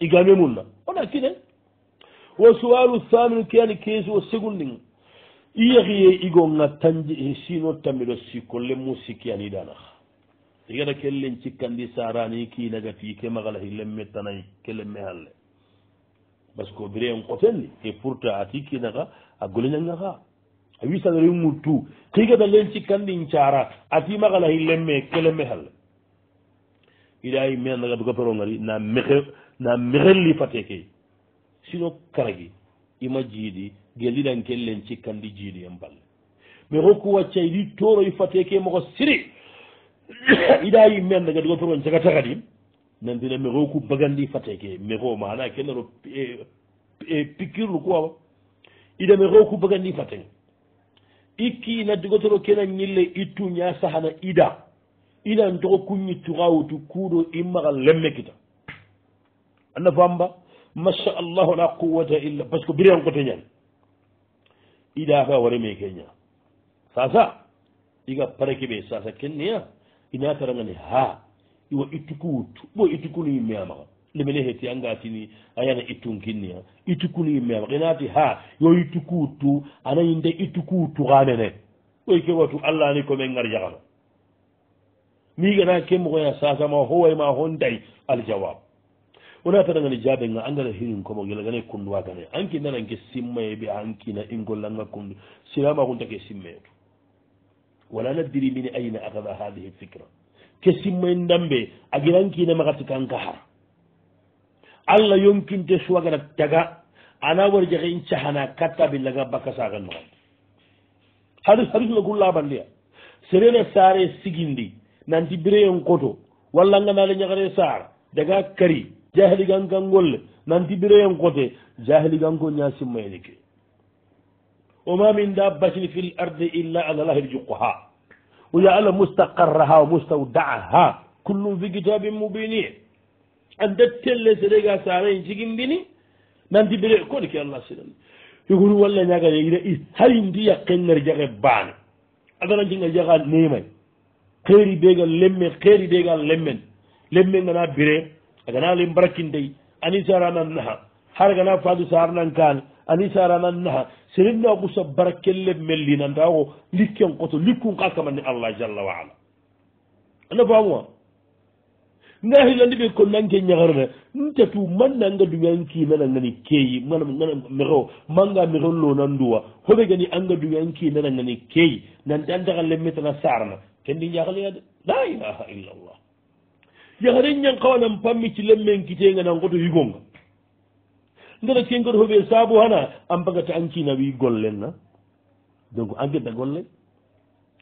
igame mun na ona kine wa sual thamine keani kesi wo segunde ga iyahiye igo nga tanje sino tamiɗo sikolle mu sikkianiɗanaha igana kellen cikkandi sarani kinagati ke magala hilemme tanayi kelemme halle par ce que bire en qotenni e pourtant ati kinaga a golenangaha a wisanrin mutu kigeɓe len cikkandin cara atimagalahi lemme kelemme hal iɗayi menaga bgoperogari na mexe na mexelli fateke sino karagi ima jiidi gelliɗanke len cikkandi jiidi en balle mais hokku waccayɗi toroy fateke moko siri iɗa yi men daga ɗugo pero caga tagadi nantine maxo ku bagandi fateke maxo ma ana kenaro eh, eh, piqirlu quoi ida maxo ku bagandi fateke ikki na dogotoro kena ñille ittu ñasahana ida inan togo kuñi tugawutu kuuɗo immaxa lemme kita a nafamba masha allahu la quwata illa par ce que biren gote ñani ida ka wareme ke ña sasa iga parekeɓe sasa kenneya inatarangani ha iwa ittu kuwutu bo ittu kunu yimme amaxa limele heti angatini ayana ittunkinniya ittukunu immeama inati ha yo ittuku tu anayinde ittuku tuganene oyke watu allahni kome garjagano migana ke mogoya sasama howayma hondayi aljawab ona tadangani jabe nga angana hinin komo gelagana kunduwagane ankinananke simmaye be ankina ingollanga kundu silamagontake simmeyetu wala nadiri mini ayina akada hadihi fikra ke simmay ndambe aginankina magati kankahara allah yonkinte suwagata jaga ana wari jaga in cahana katta billaga bakka saga noxon hadis hadis la gullabandiya serena saare sigindi nanti bireyon koto walla nganale ñagare saar daga kari jahiliganka ngolle nanti bireyon kote jahiliganko ña simmayni ke oma min da basin fil arde illa alalahir juqoha wo ya allah mustaqarraha wa mustaudaaha kullum fi kitabin mubinie ande telle sedega sara en jiginbini nandi bele kodi ke allah sidani yogoru walla ñagaeira hari ndiya qennere jaqe baane adana jinga jaga nemay xeeri begal lemmen xeeri begal lemmen lemmen gana bire a gana lem barakindey ani sarana naha har gana fadu saranan kane ani sarana naha serenna ɓusa barakelle mellinantaxo likken koto likkun ka kamanni allah jalla wa ala ana famuwa ngahi lande ɓe ko nanke ñagarne ntatu mannanga duñankima nangani keyi mana miro manga miro lo nanduwa hoɓe gani anga duñankima nangani keyi nante antaxa lemmitana sarna kendi ñagaleyade la ilaha illa llah yahare ñangkawanan pammici lemmen kitenga nangoto yigonga ngata kengoto hoɓe saabu hana ampagata ankina wi gollenna donc ankeda golle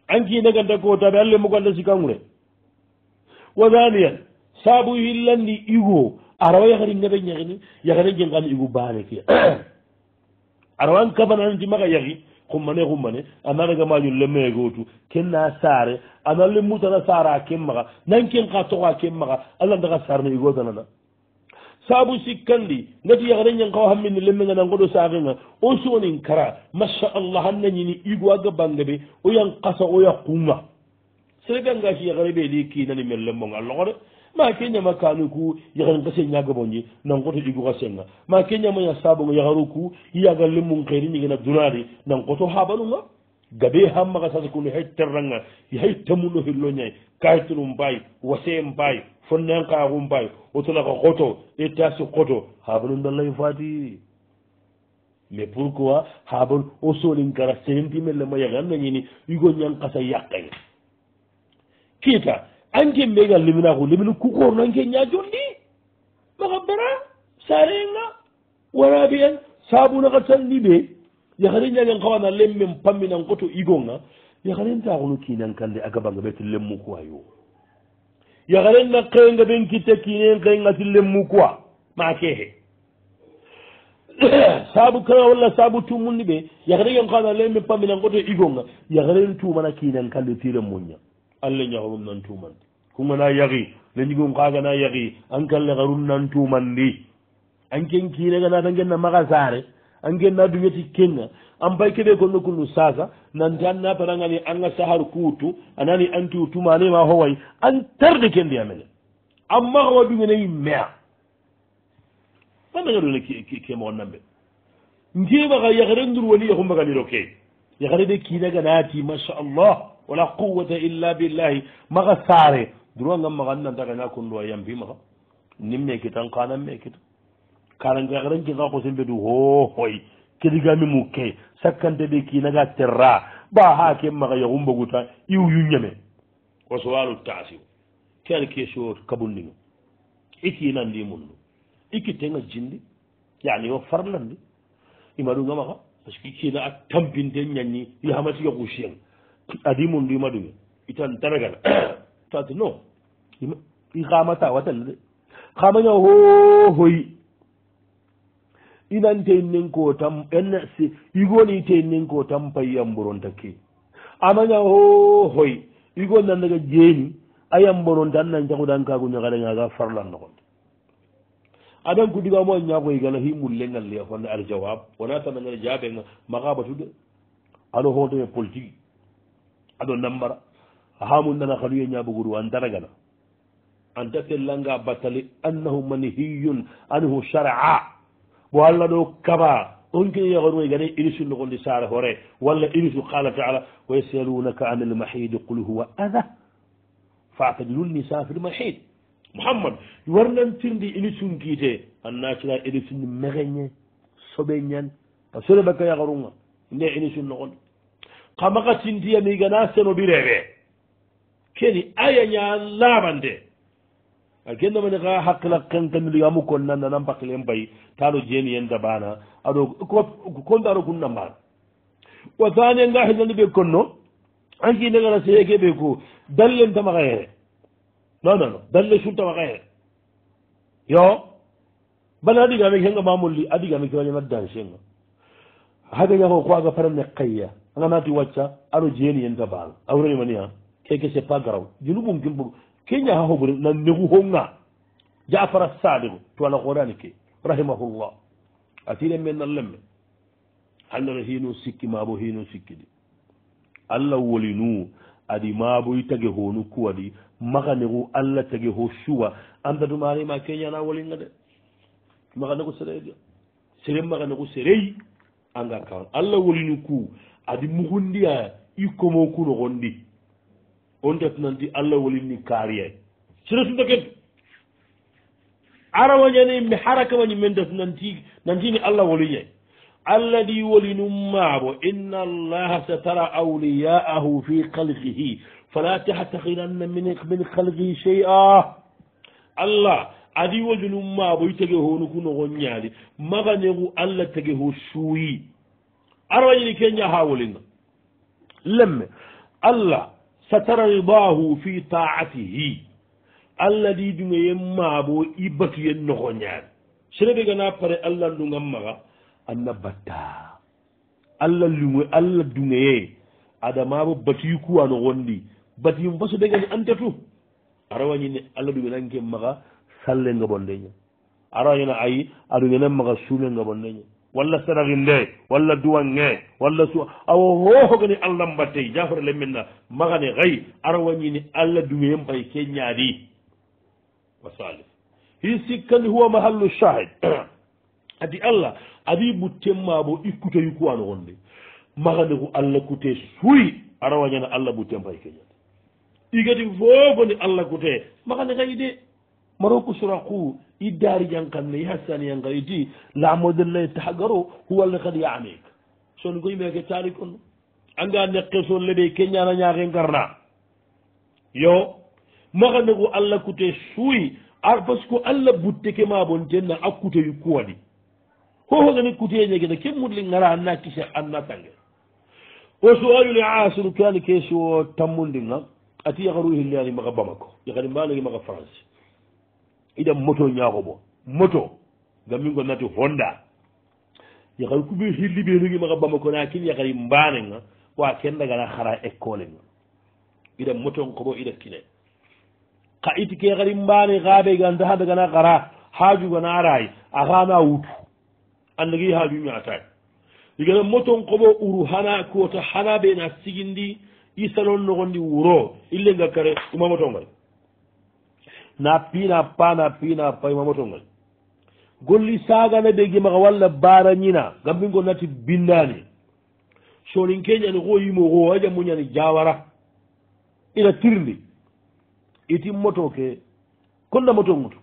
ankinagantakotaɓe allemogo anda sikangure wa daniyan saabu yillandi igo arawa yakhari ngabe ñakhini yakhari jinkan igu bane ke arawan kabananti maga yakhi xumane xumane ana daga mañu lemeegootu kenna saare ana lemutana saara ken maxa nanken xa toxo a ken maxa alla ndaxa saarna igootanana saabu sikkandi ngati yaxade ñangxawa xammini lemmengana ngoɗo saaxinga o sugonin kara macha allah an nañini igo a gabangabe o yang xasa o ya xuma serebe angasi yaxare ɓeedi kiinani men lemmonga loxo de ma keñama kanu ku yaxen gase ñagaboñi nangoto ɗigu gasenga ma keñamaña sabonga yaxaru ku yaga lemun xeri ñigena dunari nangoto habanunga gabe hammaga sasakunu hay terranga hay tamuno hilloñay kayitunu mbay wase mbay fonnenkaaxu mbay otunaka xoto etasi xoto habanu ndallay fati mais pourquoi haban o solin gara serentimelle ma yaxe an nañini yugo ñang kasa yaqay keta anke mbega limina ko limin kukorno anke ñajondi maka bara sarenga wara ɓeyan sabunaka sandi ɓe yahare ñagen kawana lemmen pamminan koto igonga yaharen taxunu kinan kande a gabanga ɓe ti lemmu quwa yo yaharen na kenga ɓen kitta kinen kenga ti lemmu quwa ma kehe sabu kana walla sabu tumunni ɓe yahare gen kawana lemmen pamminan koto igonga yaharen tumana kinan kande ti lemmuña allah ñahorum nan tumante kumana yaki lenjigon kagana yaki ankalle karun nantumandi anken kine ganata genna makasare angenna duñati kenga an bay keɓe gonno kunnu sasa nanti anna parangani anga sahar kuutu anani anti tumanema howayi an tarde kendi amene amma howa duñeneyi mea fandagaɗone kemoonnamɓe njeɓaka yakare ndur wani yahumbaganiro ke yakarede kinaganati masha allah wala quwata illa billahi maga sare droit ngam maxa nnanta xena kunɗo a yampimaxa nim me kitan kanan me kita karankexerankinga xosimbedu xooxoy kedigami mu ke sakkante ɓe kiinaga terra ɓa xa ke maxa yaxu mboguta iw yuñame o sowalu tasiw ken question kabundinga i kiinandi munnu i kittenga jindi yani wo farlandi imaɗunga maxa parce que kiina a tampinte ñanni yaxamati yaxu sieng adi munndu imaɗunga itan tanagana tawde non i kamata watalle de kamaña ho hoyi inanteinnen ko tam en si igoniteinnen ko tam payiyamboron takke amaña ho hoyi igoni nan daga jeeni ayamboronta an nan jagudan kago ñagalengaga farlan nogonde aɗan ku digamo a ñagoy gana hi mullengal leya fonde al jawab wona tanagana jaabenga maga batude aɗo hotome politique aɗo nambara haamum nana haɗuye ñaabuguru an daragana an datellanga battali annahu manhiyun anhu charaa bo allah ɗo kaba on kini yahoruma e gane inisu nogondi saara hoore walla inisu qala taala wa yasalunaka an almahidi qul huwa ada fatajlul nisa fi lmahid muhammad warnantirndi inisun kiite annacira inisun megeñe soɓe ñan a soɗe bakka yahorunga nde inisun nogondi kamaka sintiyami gana seno bireɓee keni ayaña laɓande a kennomene ka hakkila kenkemili amu kon nanda nan bakilen bayi taɗo jeni en dabana aɗo kontaro kunna mbana wa sani nga hedani ɓe konno ankinegara seyekeɓe ko dallen tamaka here non non non dalle sul tamaka here yo bana aɗigame kenga mamolli aɗigame kewañana dansenga haga ñako ko aga parane kayya aganati wacca aɗo jeni en dabana awrenimaniha keke c'est pas grave jinu ɓum kin ɓug keña ha hoɓuri nan negu ho ga jafara sadiko tuwana koɗani ke rahimahullah atiɗen men nan lemme allah hino sikki mabo hino sikkiɗi allah wolinu adi mabo i tague honu kuwaɗi maga negu allah tague ho suwa anda dumanima keñana wolinga de maga negu sereja seren maga negu serey anga kan allah wolinu ku adi mugundiya i komo kunogonɗi on det nandi allah wolinni kaariyay e. sinoti dogen arawañani mi haraka wañi men det nanti nandini allah wolinñay e. alladi wolinum maabo inna allaha sa tara auliyaahu fi kalqihi fala tahtakiranna min min kalqihi chey a allah adi wolinum maabo i tege hoonu ku nogo ñaali maganegu allah tege ho suuyi arawañini ke ña ha wolinna lemme allah satarridahu fi taatihi allah ɗi dunga yen maabo i batuyen noxo ñaani serebe gana pare allah lunga maxa anna batta allah lunge allah dungeye adamabo batuyi kuwa noxondi batuyum faso ɓegani antetu arawañine allah dungenanke maxa sallenga bonde ña arawañana ayi adungena maxa suumenga bonde ña walla saragi nde walla duwan nge walla su awo hohogani allah mbattey jafore lemmin na magane hay ara wañini allah duwihe mbay keññaadi wa salif hi sikkani huwa mahallu shahid adi allah adi buttenma bo ikkuteyi kuwano gonde magane ko allah kute suyi ara wañana allah butte mbay e keñat igati fofoni allah kute magane hay de maroku suraku i daari jangkan ne hassani yanga iti laamo delle tagaro huwalne kadi yaameeka soni ko yimeeke taali kon anga neqesol le ɓe keñana ñaake ngarna yo maxa nego allah kute suuyi a par ce que allah butte ke ma bon ten na a kuteyu kuwani hohogani kutee ñegene ke mudle ngara anna kise anna tange o sualule asunu kani keesi o tammundinga ati yaxaru hilli ani maxa bamako yaxani mbaa legi maxa france iɗan moto ñaako bo moto ngam min gon nati honda yakari kumi hilli ɓe rugi maka bamako na kin yakari mbanenga wa kendagana xara école nga iɗa moton ko bo iɗa kine ka iti ke kari mbane kaɓe gantahadagana xara hajugana aray axana wutu andagi haju ñatay igana moton koɓo uru hana kota hana ɓe na sigindi isalon nogondi wuro ille ngakkare uma motongare na piina pa na piina pa ima motongal golli sagana ɓe gi maka walla bara ñina gambingo nati bindani sonin keñani xo yimo xo a jamuñani jawara ina tirndi iti moto ke konna moto ngutu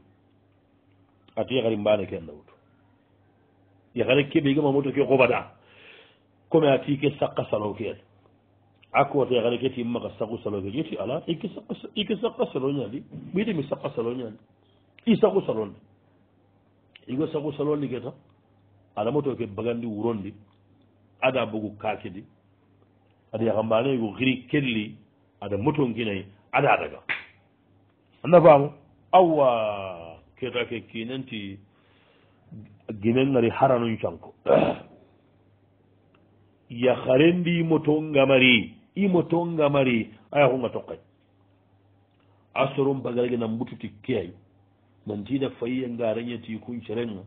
ati yakari mbane ke anna wutu yakare keɓe gima moto ke xoɓata comme ati ke sakka salo ke ani akkoote xane keti maga saqu saloke ƴeti ala ike saqa salo ñaandi ɓiɗe mi saqa salo ñaandi i saqu salonde igo saqu salondi ke ta adamatoke bagandi wurondi ada bugu kakedi ada yaxambanego xiri kelli ada motonkinayi ada daga anda famu awa keta ke kinenti gimengari haranun canko yaxarendi moto ngamari imo tonga mari aya hunga tokkay asorum bagalagi nan bututi keyay nantiina fayiya ngarañeti kuncerenga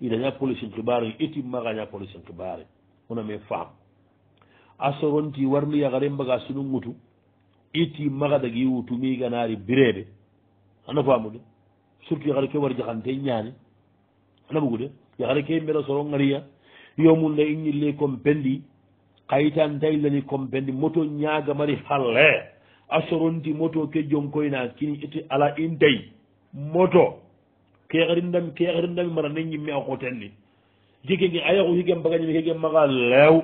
idaña policin kibare itimmagaña policin kibare wona me faam asoronti warni yagare mbaga sunungutu itimmaga dagi wutumi ganari bireɓe ana famude surtout yagare ke war jahante ñaane ana ɓugude yagare ke mbeɗa soro ngariya yomunda i ñille kompendi kaytan daylani kom bendi moto ñaaga mari halle a soronti moto ke jom koyna kini iti ala in day moto keerindami keerindami mara ne ñimme a xotenni jege ge a yaxu higen bagañimi kege maxa lew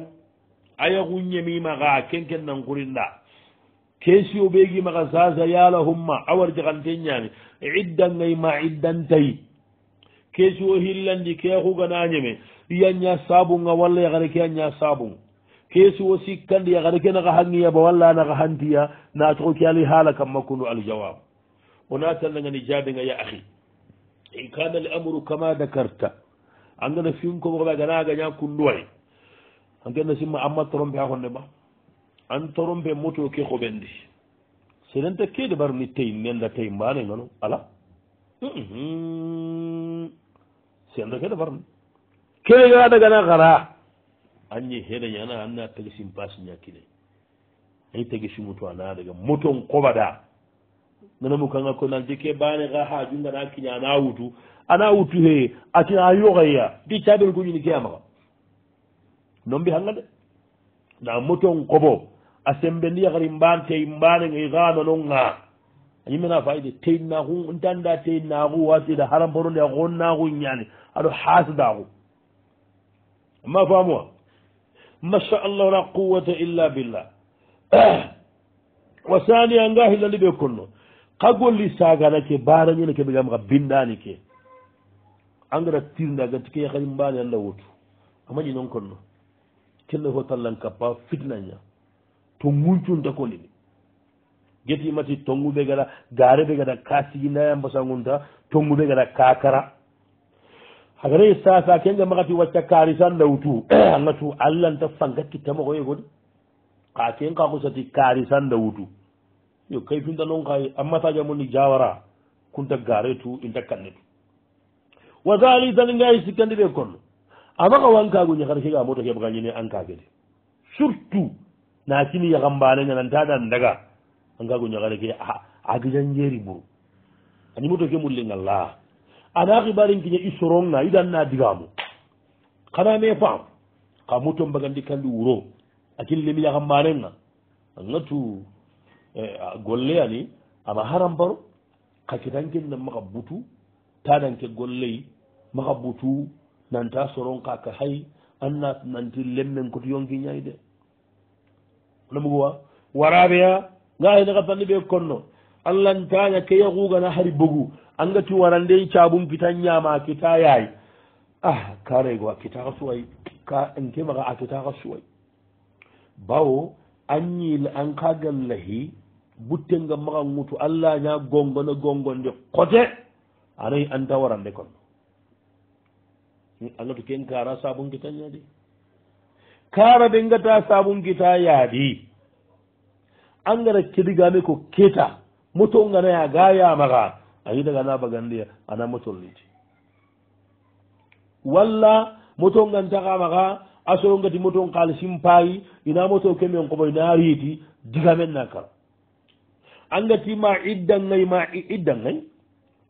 a yaxu ñemimaxa kenken nan xurinda kesio ɓegimaxa sasa yalahumma a war jaxante ñaami iddangay ma iddantay kesio hillandi ke xugana ñeme yaña sabunga walla yaxare ke a ña sabunga keesi wo sikkandiya xada ke naxa hangiya ba walla naxa hantiya na toxo ke ali haala kam makundu aljawab ona tannangani jaabinga ya axi in kana l amru kama dakarta angana finkomoxoɓe gana gaña kunduway angena simma amma trompe a xonema an trompe moto ke xoɓendi senenta keede ɓaruni tey nenda tey mbanengano ala senda keede ɓaruni kene gaa dagana xara anñi heɗañi ana anna tagi sim pasi ñakkine ay tagi simuto ana daga moton koɓaɗa nanamu kanga ko nan jikke bane ga ha junngana kiña ana wutu ana wutu he atina yoxaya di caɓel goñini ke amaxa non mbi hanga de nda moton koɓo a sembendi yaxari mbante mbanegay xananonga yimena fayde teyinnaxu ntanda teyinnaxu wasida haramporo nde xonnaxu ñani aɗo xasdaxu ma famuwa masha allah walaa quwata illa billah wa saniya ngahilali ɓe konno ka golli saganake baranina ke ɓegam ka bindani ke engrais tirnda gati ke yahadi mbani allah wotu a maƴi noon konno kelle fo tallan kappa fitnaña to guncunta kolini geti mati tongu ɓe gaɗa gare ɓe gaɗa ka siginayambasa gunta tongu ɓe gaɗa kakara hakaray e safa kenge makati wacca kaari san dawtu angatu allanta fangati tamogoye godi ka ken kaku sati kaari san dawtu yo kay finta non kay ammataja mo ni jawara kunta garetu inta kannetu wa zalitan ngay sikandi be kon amaka wankagu ni xarke ga moto kebaga ni an kagede surtout na kini ya gambane ngana tada ndaga angagu ni xarke a agijan yeri bu ani moto ke mulle ngalla ana xibarin kiña i soronga idan na digamu xana me faam xa muton mbagandi kandi wuro akin lemi yaxa manenga anga tu eh, golle ani ama harambaro xa kitanken nan maxa butu tananke golley maxa butu nanta soron ka ka hay anna nanti lemmen koto yonki ñayi de namuguwa waraɓeya nga ayna xa tanni ɓe konno allahntaña ke yaxugana hari bogu angati warandeyi cabum kitan ñama kita yay ah karego a kitaka suway ka nke maga a kitaka suway bawo anñil an ka gallahi buttenga maga ŋutu allaña gongone gongonde kote anayi anta warande kono hmm, angati ken kara sabun kitan ñadi kara de ngata sabun kita yaadi angara kedigame ko keta moto ngana ya ga yamaga a hidaga na bagandiya ana moton liti walla moton gantakamaka a sorongati moton kaali simpayi ina moto kemen komo ina riiti digamen na kara angati ma idda gay ma idda gay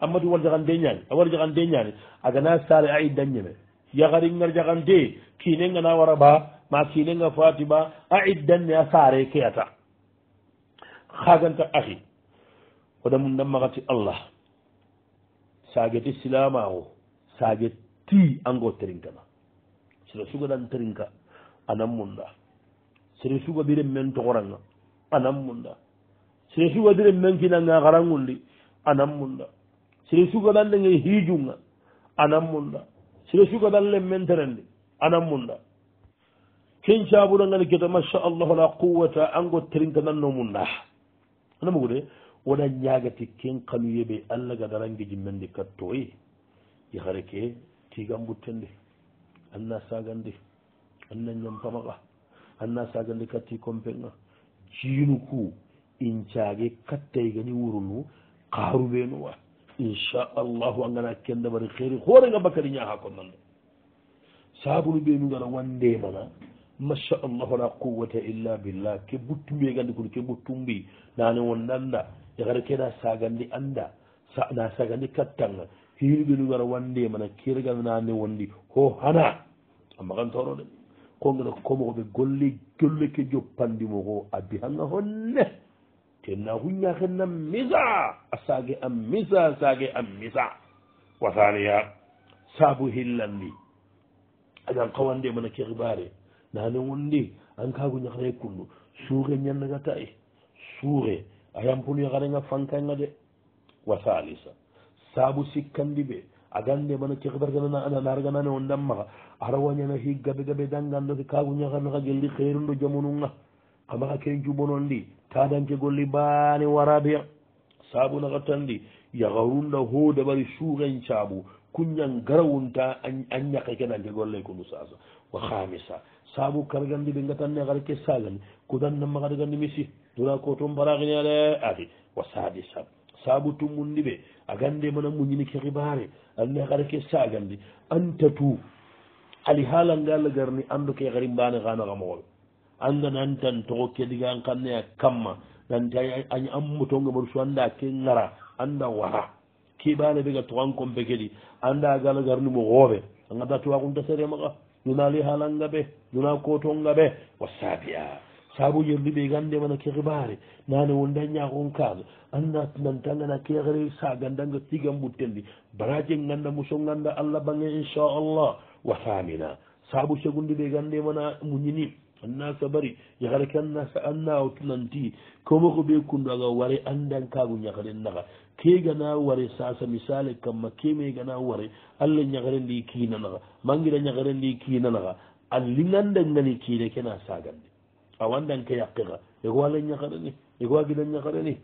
ammati war jakante ñani a war jakante ñani agana sale a idda ñeme yakari gar jakante kinenga na wara ba ma kinenga fati ba a iddanne a sare keyata kaganta ahi odamu ndammakati allah sageti silamao sage ti ango terinkana sere suga dan terinka anan munda sere suga biren men togoranga anan munda sere suga diren men kinanga karangundi anan munda sere suga dan denge hijunga anan munda sere suga dan len men terendi anan munda ken cabunangani keta masha allahu la quwata ango terinkananno munda anamugude woɗa ñagati kenkalu yeɓe allah ga darangueji mende kattoyi yahare ke tigam buttende anna sagande anna ñam pamaɓa anna sagande katti compenga jiinu ku in caage kattay gani wuro nu qaruɓenuwa inchallahu angana kendabari heeri hoorega bakari ñaha ko nande sabunu ɓenu gara wandemana machallahu la quwata illa billah ke buttumbi gandi kono ke buttumbi nane won nanda yagara keɗa sagandi anda sana sagandi kattanga hiɓinugara wande mana kirganane wondi ho hana amma kan toro de kogeɗa komoɓe golle golleke joppandi mo ko abbi hanga honne tenna huñakenna misa a sage am misa sage am misa wasaniya saabu hillandi agan kawande mana kekbare nane wondi an kagu ñakre kundu suure ñannagata e suure a yampuni xarenga fankanga de wa halisa saabu sikkandi ɓe a gande mana ceketarganaanargandane on dam maxa arawañana xi gabe gabe dangandoke kaguñaxanaxa gelli xerundo jamonunga xamaxa ke jubonondi tadanke golli baane warabe saabu naxa tandi yaxarunda ho dabari suxen caabu kuñang garawunta a ñaqe ke dange golle kundu sasa wa xamisa saabu kargandi ɓe ngatanne xar ke sagani kudannamaxadagandimi si dura ko toon mbaraagini ala ali wa sadisa saabu tummundi ɓe a gande mana muñini ke xibaare anne xara ke sa gandi antatu ali haalangaala garni andu ke xari mbaane xanaxa moxoɓe anda nantan toxo ke diga an xanneya kamma nanti a an mutonge mbaru so anda ke ngara anda wara kiɓaane ɓega toxan compe ke ɗi anda gala garni mo xooɓe a ngadatuwaxunta sere maxa nuna li haalanga ɓe nuna kotonga ɓe wasabia saabu yolliɓe gande mana kehbare nane won dañña on kaga anda nan tangana kehre sagan danga tigam ɓuttendi baraje ganda muso ganda allah bange inchallah wa famina saabu segundi ɓe gande mana muñini anna sabari yahare kanna sa anna o tunanti komoko ɓe kundo aga ware andan kagu ñahren naha kegana ware sasa misale kamma kemegana ware allah ñaharendi kinanaha mangida ñaharendi kinanaha alli ganden gani kine kena sagande a wandanke yakqiqa ego walen ñakaɗani ego wagilen ñakaɗani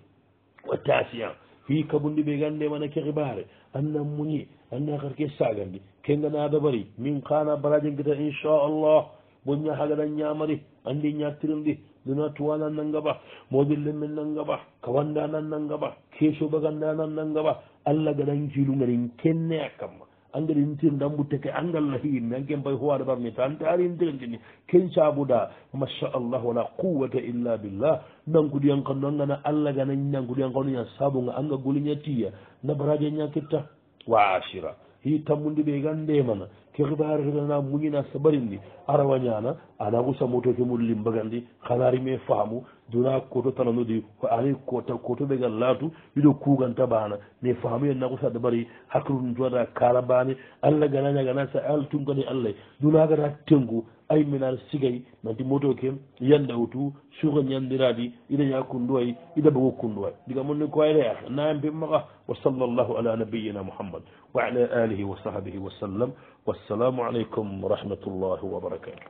wattasian fi kabundi ɓe gande e mana kexibare anna muñi anna xar ke sagandi kengana dabari min kana barajenguita inchallah boña hagada ñamari andi ñattirindi duna tuwana nangaba moƴel lemmen nangaba kawandana nangaba kesoɓaganda nan nangaba allah gadan kilu ngarin kenne a kamma engrais yintir dambuteke engal la hiin mais enken mbay howaɗo parmi tante ari yintirendini ken caabuɗa machallah wala quwata illa billah nankuɗiyankano angana allah gana nankuɗiyankanoña sabuga anga guliña tiya nabaraje ña kitta wa asira hi tammudi ɓe gandemana ke xibaare tegana muñina sabarin ndi a rawañana ana xusamoto ke mul limbagandi xana rime faamu duna koto talano di ani kota koto ɓega laatu yiɗo kuganta baana mais faamu ye naxusa dabari hakkilu ntuwata kala baani allah gana ñagana sa altungani allah dunagata tengu ay minaar sigay nanti moto ke yandaw tu suuka ñandiraadi ina ñakunduway ida ba wokkunduway diga monni ko ayle yaake naambe maka wa sala allahu ala nabiyina mouhammad wa ala alihi wa sahbihi wasallam wassalamu aleykum wa rahmatullahi wa barakatu